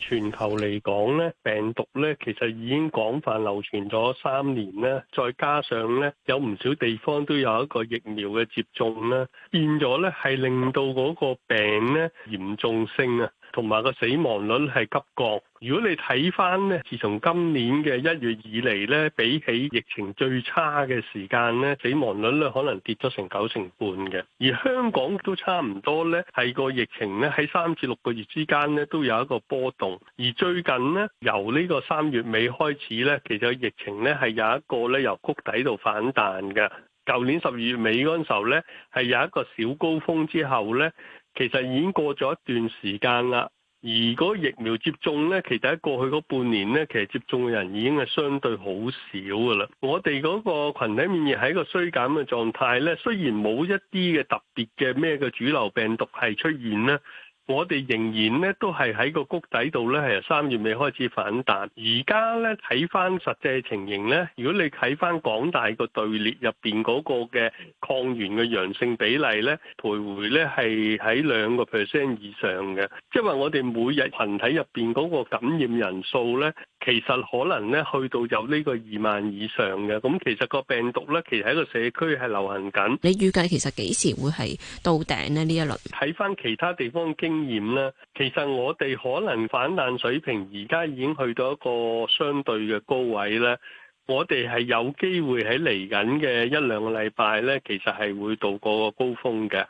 Speaker 9: 全球嚟講咧，病毒咧其實已經廣泛流傳咗三年啦，再加上咧有唔少地方都有一個疫苗嘅接種啦，變咗咧係令到嗰個病咧嚴重性啊，同埋個死亡率係急降。如果你睇翻呢，自從今年嘅一月以嚟呢，比起疫情最差嘅時間呢，死亡率呢可能跌咗成九成半嘅。而香港都差唔多呢，係個疫情呢喺三至六個月之間呢都有一個波動。而最近呢，由呢個三月尾開始呢，其實疫情呢係有一個呢由谷底度反彈嘅。舊年十二月尾嗰陣時候呢，係有一個小高峰之後呢。其實已經過咗一段時間啦，而嗰疫苗接種呢，其實喺過去嗰半年呢，其實接種嘅人已經係相對好少噶啦。我哋嗰個群體免疫係一個衰減嘅狀態呢，雖然冇一啲嘅特別嘅咩嘅主流病毒係出現呢。我哋仍然咧都係喺個谷底度咧，係由三月尾開始反彈。而家咧睇翻實際情形咧，如果你睇翻港大個隊列入邊嗰個嘅抗原嘅陽性比例咧，徘徊咧係喺兩個 percent 以上嘅。即係話我哋每日群體入邊嗰個感染人數咧，其實可能咧去到有呢個二萬以上嘅。咁其實個病毒咧，其實喺個社區係流行緊，
Speaker 14: 你預計其實幾時會係
Speaker 6: 到
Speaker 17: 頂咧？呢一輪
Speaker 9: 睇翻其他地方經經驗咧，其實我哋可能反彈水平而家已經去到一個相對嘅高位咧，我哋係有機會喺嚟緊嘅一兩個禮拜咧，其實係會度過個高峰嘅。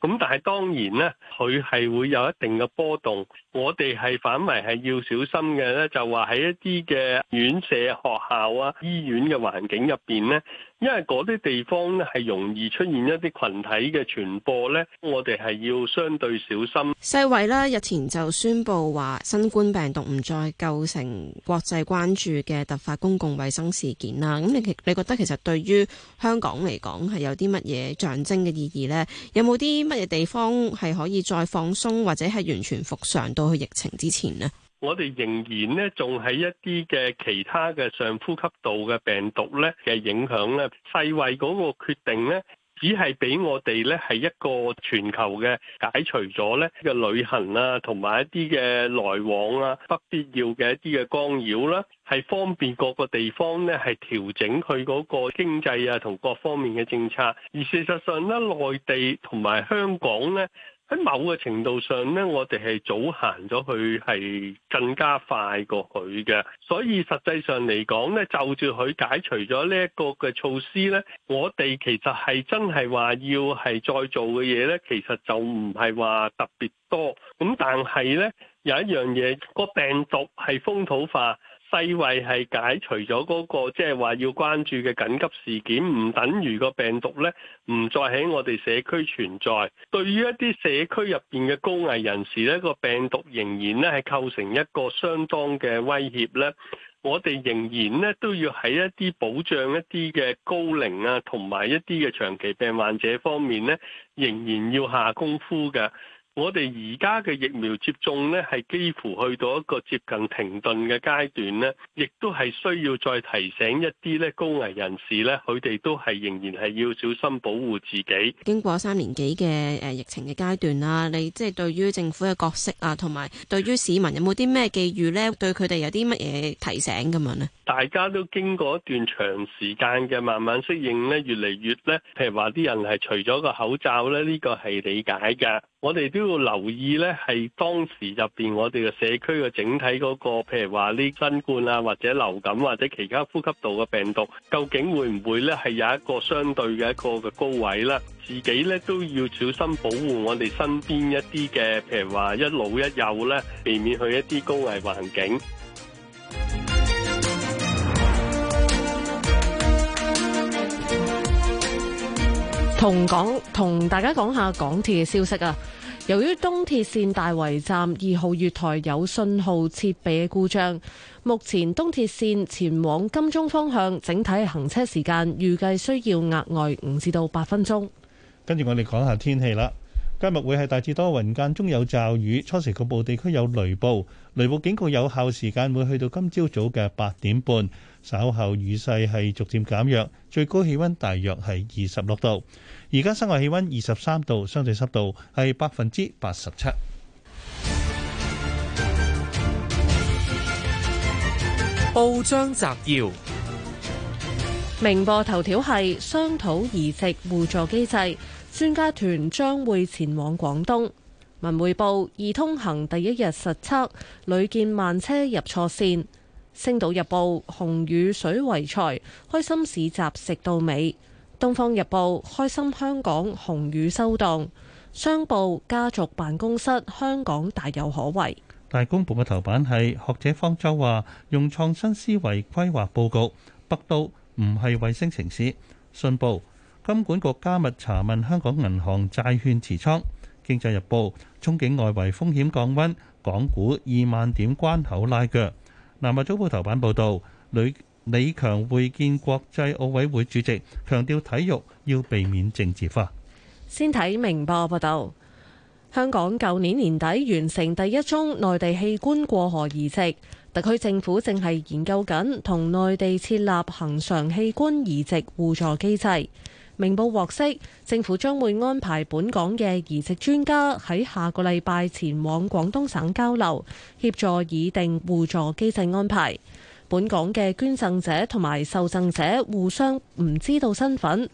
Speaker 9: 咁但係當然咧，佢係會有一定嘅波動。我哋係反為係要小心嘅咧，就話喺一啲嘅院舍、學校啊、醫院嘅環境入邊咧，因為嗰啲地方咧係容易出現一啲群體嘅傳播咧，我哋係要相對小心。
Speaker 6: 世衛啦，日前就宣布話新冠病毒唔再構成國際關注嘅突發公共衛生事件啦。咁你其你覺得其實對於香港嚟講係有啲乜嘢象徵嘅意義咧？有冇啲乜嘢地方係可以再放鬆或者係完全復常到？疫情之前呢，
Speaker 9: 我哋仍然呢，仲係一啲嘅其他嘅上呼吸道嘅病毒呢嘅影響呢，世衛嗰個決定呢，只係俾我哋呢，係一個全球嘅解除咗呢個旅行啊，同埋一啲嘅來往啊不必要嘅一啲嘅干擾啦，係方便各個地方呢，係調整佢嗰個經濟啊同各方面嘅政策，而事實上呢，內地同埋香港呢。喺某個程度上咧，我哋係早行咗去，係更加快過佢嘅。所以實際上嚟講咧，就住佢解除咗呢一個嘅措施咧，我哋其實係真係話要係再做嘅嘢咧，其實就唔係話特別多。咁但係咧，有一樣嘢，個病毒係風土化。地位係解除咗嗰個，即係話要關注嘅緊急事件，唔等於個病毒呢唔再喺我哋社區存在。對於一啲社區入邊嘅高危人士呢，個病毒仍然呢係構成一個相當嘅威脅呢。我哋仍然呢都要喺一啲保障一啲嘅高齡啊，同埋一啲嘅長期病患者方面呢，仍然要下功夫嘅。我哋而家嘅疫苗接種咧，係幾乎去到一個接近停頓嘅階段咧，亦都係需要再提醒一啲咧高危人士咧，佢哋都係仍然係要小心保護自己。
Speaker 14: 經過三年幾嘅
Speaker 6: 誒疫情嘅階段啦，你即係對於政府嘅角色啊，同埋對於市民有冇啲咩寄語咧？對佢哋有啲乜嘢提醒咁樣咧？
Speaker 9: 大家都經過一段長時間嘅慢慢適應咧，越嚟越咧，譬如話啲人係除咗個口罩咧，呢個係理解噶。我哋都要留意呢，係當時入邊我哋嘅社區嘅整體嗰個，譬如話呢新冠啊，或者流感，或者其他呼吸道嘅病毒，究竟會唔會呢係有一個相對嘅一個嘅高位呢？自己呢都要小心保護我哋身邊一啲嘅，譬如話一老一幼呢，避免去一啲高危環境。
Speaker 3: 同講同大家講下港鐵嘅消息啊。由於東鐵綫大圍站二號月台有信號設備嘅故障，目前東鐵綫前往金鐘方向整體行車時間預計需要額外五至到八分鐘，
Speaker 4: 跟住我哋講下天氣啦，今日會係大致多雲間中有驟雨，初時局部地區有雷暴，雷暴警告有效時間會去到今朝早嘅八點半。稍後雨勢係逐漸減弱，最高氣温大約係二十六度。而家室外氣温二十三度，相對濕度係百分之八十七。
Speaker 2: 報章摘要：
Speaker 3: 明報頭條係商討移植互助機制，專家團將會前往廣東。文匯報：二通行第一日實測，屢見慢車入錯線。《星島日報》紅雨水為財，開心市集食到尾。《東方日報》開心香港紅雨收檔，《商報》家族辦公室香港大有可為，
Speaker 4: 《大公報》嘅頭版係學者方舟話用創新思維規劃報告，北道《北都》唔係衛星城市，《信報》金管局加密查問香港銀行債券持倉，《經濟日報》憧憬外圍風險降溫，港股二萬點關口拉鋸。南華早報頭版報道，李李強會見國際奧委會主席，強調體育要避免政治化。
Speaker 3: 先睇明報報道，香港舊年年底完成第一宗內地器官過河移植，特區政府正係研究緊同內地設立恒常器官移植互助機制。明報獲悉，政府將會安排本港嘅移植專家喺下個禮拜前往廣東省交流，協助擬定互助機制安排。本港嘅捐贈者同埋受贈者互相唔知道身份。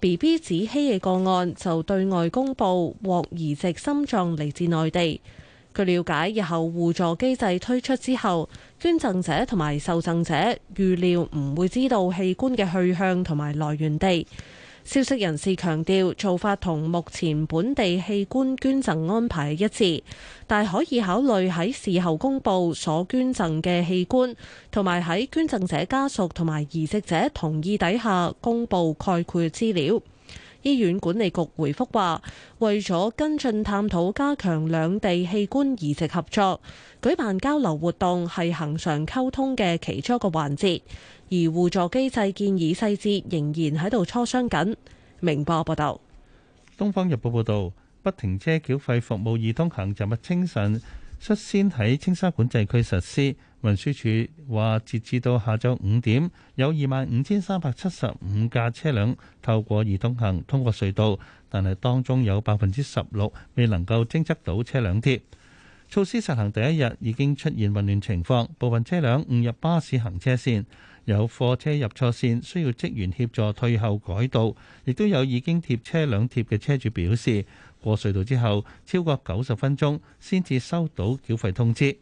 Speaker 3: BB 子希嘅個案就對外公布獲移植心臟嚟自內地。據了解，日後互助機制推出之後，捐贈者同埋受贈者預料唔會知道器官嘅去向同埋來源地。消息人士強調，做法同目前本地器官捐贈安排一致，但可以考慮喺事後公佈所捐贈嘅器官，同埋喺捐贈者家屬同埋移植者同意底下公佈概括資料。醫院管理局回覆話，為咗跟進探討加強兩地器官移植合作，舉辦交流活動係恆常溝通嘅其中一個環節，而互助機制建議細節仍然喺度磋商緊。明報報道，
Speaker 4: 《東方日報》報道，不停車繳費服務易通行，昨日清晨率先喺青沙管制區實施。運輸署話：截至到下晝五點，有二萬五千三百七十五架車輛透過易通行通過隧道，但係當中有百分之十六未能夠偵測到車輛貼。措施實行第一日已經出現混亂情況，部分車輛誤入巴士行車線，有貨車入錯線，需要職員協助退後改道。亦都有已經貼車輛貼嘅車主表示，過隧道之後超過九十分鐘先至收到繳費通知。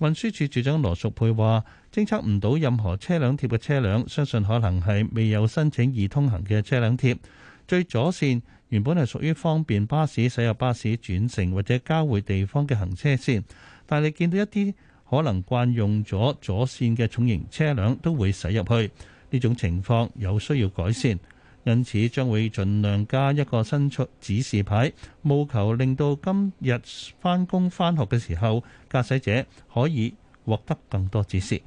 Speaker 4: 運輸署署長羅淑佩話，偵測唔到任何車輛貼嘅車輛，相信可能係未有申請易通行嘅車輛貼。最左線原本係屬於方便巴士駛入巴士轉乘或者交匯地方嘅行車線，但係見到一啲可能慣用咗左線嘅重型車輛都會駛入去，呢種情況有需要改善。因此，將會盡量加一個新出指示牌，務求令到今日翻工翻學嘅時候，駕駛者可以獲得更多指示。《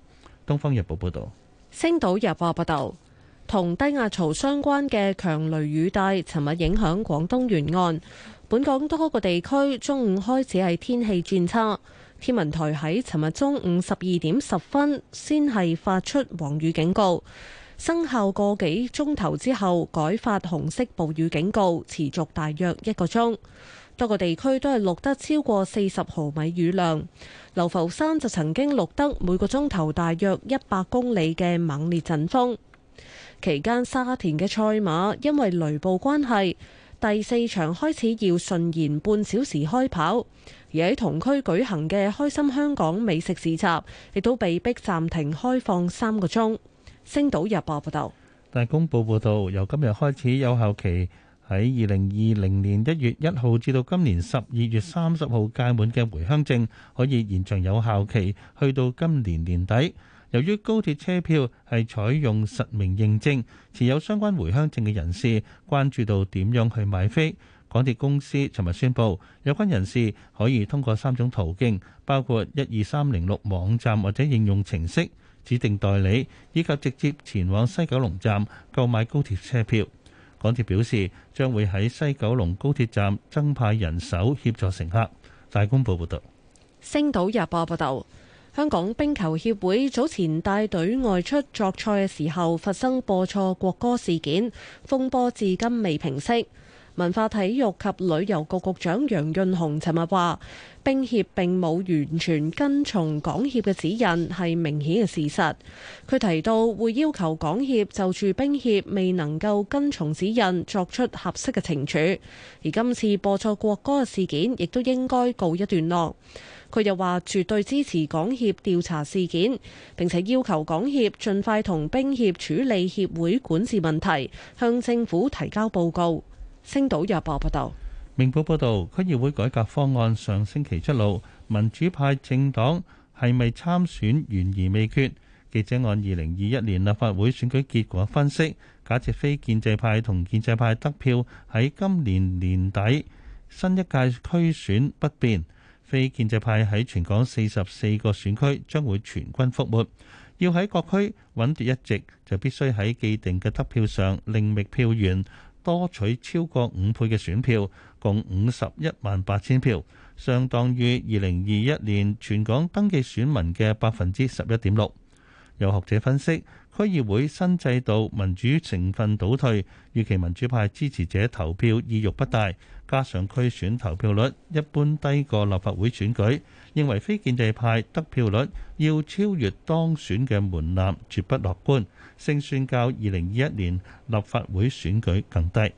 Speaker 4: 東方日報》報道，
Speaker 3: 《星島日報》報道：「同低壓槽相關嘅強雷雨帶，尋日影響廣東沿岸，本港多個地區中午開始係天氣轉差。天文台喺尋日中午十二點十分先係發出黃雨警告。生效個幾鐘頭之後，改發紅色暴雨警告，持續大約一個鐘。多個地區都係錄得超過四十毫米雨量。流浮山就曾經錄得每個鐘頭大約一百公里嘅猛烈陣風。期間，沙田嘅賽馬因為雷暴關係，第四場開始要順延半小時開跑。而喺同區舉行嘅開心香港美食市集，亦都被迫暫停開放三個鐘。星島日報報道，
Speaker 4: 大公報報道，由今日開始有效期喺二零二零年一月一號至到今年十二月三十號屆滿嘅回鄉證，可以延長有效期去到今年年底。由於高鐵車票係採用實名認證，持有相關回鄉證嘅人士，關注到點樣去買飛。港鐵公司尋日宣布，有關人士可以通過三種途徑，包括一二三零六網站或者應用程式。指定代理、以及直接前往西九龍站購買高鐵車票。港鐵表示將會喺西九龍高鐵站增派人手協助乘客。大公報報道。
Speaker 3: 星島日報報道，香港冰球協會早前帶隊外出作賽嘅時候發生播錯國歌事件，風波至今未平息。文化體育及旅遊局局長楊潤雄尋日話：冰協並冇完全跟從港協嘅指引，係明顯嘅事實。佢提到會要求港協就住冰協未能夠跟從指引作出合適嘅懲處。而今次播錯國歌嘅事件，亦都應該告一段落。佢又話絕對支持港協調查事件，並且要求港協盡快同冰協處理協會管治問題，向政府提交報告。星島日報報道，
Speaker 4: 明報報道，區議會改革方案上星期出爐，民主派政黨係咪參選懸而未決？記者按二零二一年立法會選舉結果分析，假設非建制派同建制派得票喺今年年底新一屆區選不變，非建制派喺全港四十四個選區將會全軍覆沒。要喺各區穩奪一席，就必須喺既定嘅得票上另覓票源。多取超過五倍嘅選票，共五十一萬八千票，相當於二零二一年全港登記選民嘅百分之十一點六。有學者分析，區議會新制度民主成分倒退，預期民主派支持者投票意欲不大，加上區選投票率一般低過立法會選舉，認為非建制派得票率要超越當選嘅門檻，絕不樂觀。勝算較二零二一年立法會選舉更低。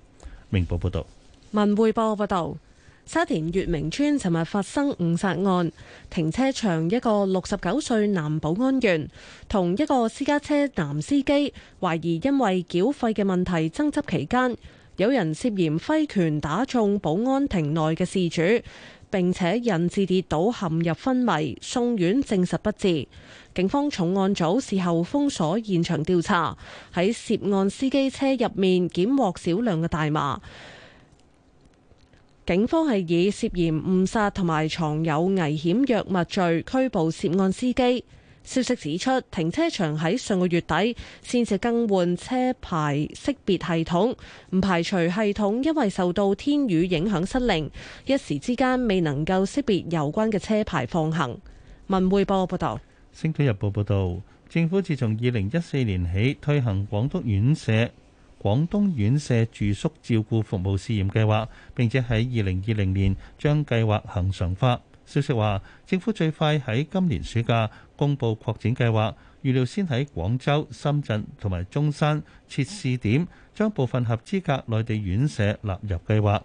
Speaker 4: 明報報道。
Speaker 3: 文匯報報道，沙田月明村尋日發生誤殺案，停車場一個六十九歲男保安員同一個私家車男司機，懷疑因為繳費嘅問題爭執期間，有人涉嫌揮拳打中保安亭內嘅事主。並且引致跌倒陷入昏迷，送院證實不治。警方重案組事後封鎖現場調查，喺涉案司機車入面檢獲少量嘅大麻。警方係以涉嫌誤殺同埋藏有危險藥物罪拘捕涉案司機。消息指出，停車場喺上個月底先至更換車牌識別系統，唔排除系統因為受到天雨影響失靈，一時之間未能夠識別有關嘅車牌放行。文匯報報道。
Speaker 4: 星島日報報道，政府自從二零一四年起推行廣東院舍、廣東院舍住宿照顧服務試驗計劃，並且喺二零二零年將計劃恒常化。消息話，政府最快喺今年暑假公布擴展計劃，預料先喺廣州、深圳同埋中山設試點，將部分合資格內地院舍納入計劃。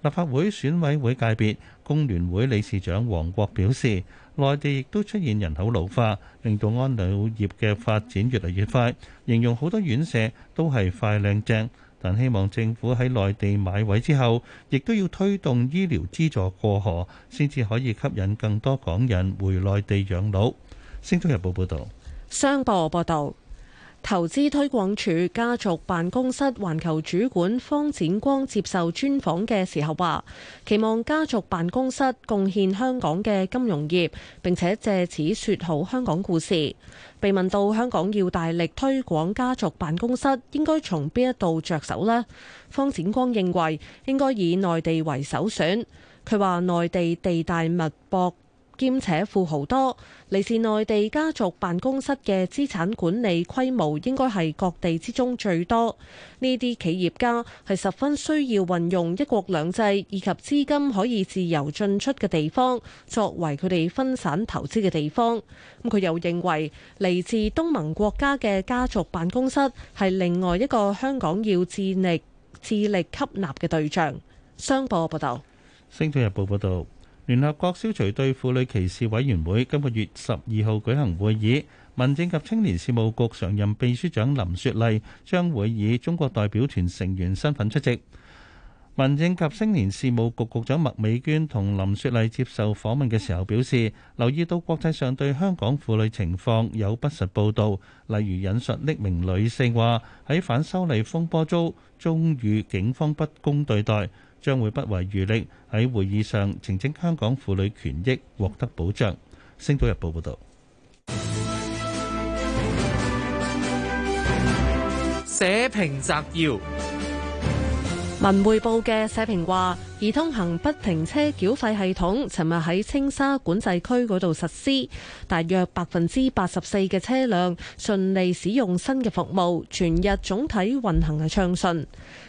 Speaker 4: 立法會選委會界別工聯會理事長黃國表示，內地亦都出現人口老化，令到安老業嘅發展越嚟越快，形容好多院舍都係快、靚、正。但希望政府喺內地買位之後，亦都要推動醫療資助過河，先至可以吸引更多港人回內地養老。星島日報報道，
Speaker 3: 商報報道，投資推廣署家族辦公室環球主管方展光接受專訪嘅時候話：期望家族辦公室貢獻香港嘅金融業，並且借此說好香港故事。被問到香港要大力推廣家族辦公室，應該從邊一度着手呢？方展光認為應該以內地為首選。佢話內地地大物博。兼且富豪多，嚟自內地家族辦公室嘅資產管理規模應該係各地之中最多。呢啲企業家係十分需要運用一國兩制以及資金可以自由進出嘅地方，作為佢哋分散投資嘅地方。咁佢又認為嚟自東盟國家嘅家族辦公室係另外一個香港要致力致力吸納嘅對象。商報報道，
Speaker 4: 《星島日報》報道。聯合國消除對婦女歧視委員會今個月十二號舉行會議，民政及青年事務局常任秘書長林雪麗將會以中國代表團成員身份出席。民政及青年事務局局長麥美娟同林雪麗接受訪問嘅時候表示，留意到國際上對香港婦女情況有不實報導，例如引述匿名女性話喺反修例風波遭，遭遇警方不公對待。將會不遺餘力喺會議上，澄清香港婦女權益獲得保障。星島日報報導。社評
Speaker 10: 摘要：
Speaker 3: 文匯報嘅社評話。而通行不停車繳費系統尋日喺青沙管制區嗰度實施，大約百分之八十四嘅車輛順利使用新嘅服務，全日總體運行係暢順。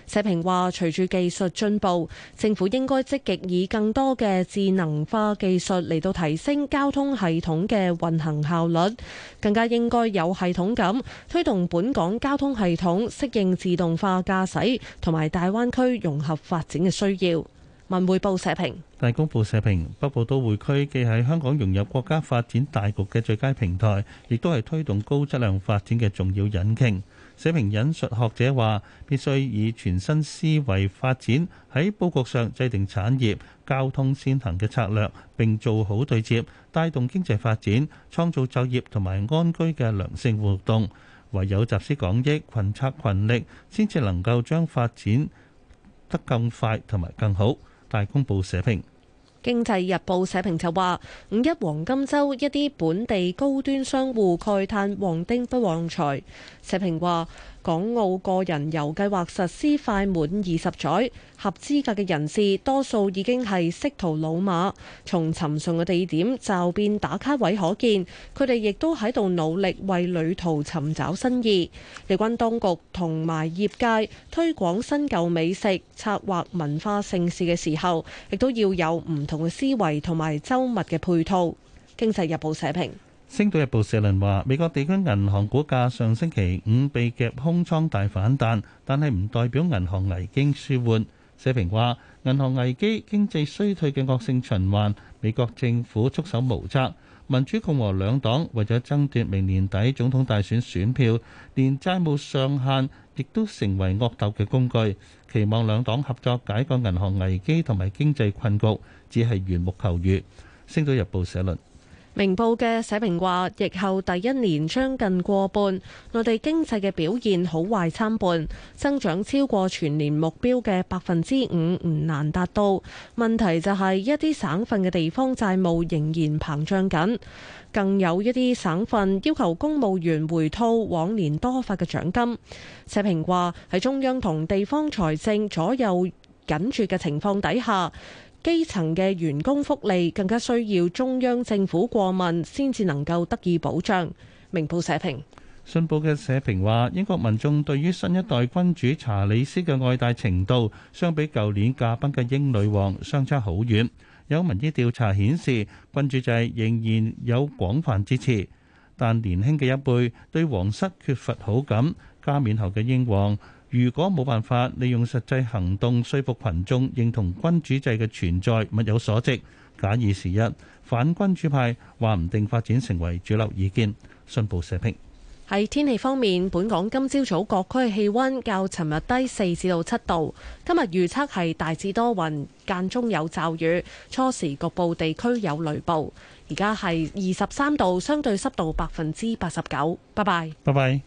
Speaker 3: 社評話，隨住技術進步，政府應該積極以更多嘅智能化技術嚟到提升交通系統嘅運行效率，更加應該有系統咁推動本港交通系統適應自動化駕駛同埋大灣區融合發展嘅需要。文匯報社評：
Speaker 4: 大公報社評，北部都會區既係香港融入國家發展大局嘅最佳平台，亦都係推動高質量發展嘅重要引擎。社評引述學者話，必須以全新思維發展，喺布局上制定產業、交通先行嘅策略，並做好對接，帶動經濟發展、創造就業同埋安居嘅良性互動。唯有集思廣益、群策群力，先至能夠將發展得更快同埋更好。大公報社評，
Speaker 3: 《經濟日報》社評就話：五一黃金週，一啲本地高端商戶慨嘆旺丁不旺財。社評話。港澳個人遊計劃實施快滿二十載，合資格嘅人士多數已經係識途老馬，從尋常嘅地點驟變打卡位，可見佢哋亦都喺度努力為旅途尋找新意。離關當局同埋業界推廣新舊美食、策劃文化盛事嘅時候，亦都要有唔同嘅思維同埋周密嘅配套。經濟日報社評。
Speaker 4: 《星島日報》社論話：美國地區銀行股價上星期五被夾空倉大反彈，但係唔代表銀行危機舒緩。社評話：銀行危機、經濟衰退嘅惡性循環，美國政府束手無策。民主共和兩黨為咗爭奪明年底總統大選選票，連債務上限亦都成為惡鬥嘅工具。期望兩黨合作解決銀行危機同埋經濟困局，只係緣木求魚。《星島日報》社論。
Speaker 3: 明報嘅社評話：疫後第一年將近過半，內地經濟嘅表現好壞參半，增長超過全年目標嘅百分之五唔難達到。問題就係一啲省份嘅地方債務仍然膨脹緊，更有一啲省份要求公務員回吐往年多發嘅獎金。社評話，喺中央同地方財政左右緊住嘅情況底下。基層嘅員工福利更加需要中央政府過問先至能夠得以保障。明報社評。
Speaker 4: 信報嘅社評話，英國民眾對於新一代君主查理斯嘅愛戴程度，相比舊年駕崩嘅英女王相差好遠。有民意調查顯示，君主制仍然有廣泛支持，但年輕嘅一輩對皇室缺乏好感。加冕後嘅英皇。如果冇辦法利用實際行動說服群眾認同君主制嘅存在，物有所值，假以時日。反君主派話唔定發展成為主流意見。信報社評。
Speaker 3: 喺天氣方面，本港今朝早各區氣温較尋日低四至到七度。今日預測係大致多雲，間中有驟雨，初時局部地區有雷暴。而家係二十三度，相對濕度百分之八十九。拜拜。
Speaker 8: 拜拜。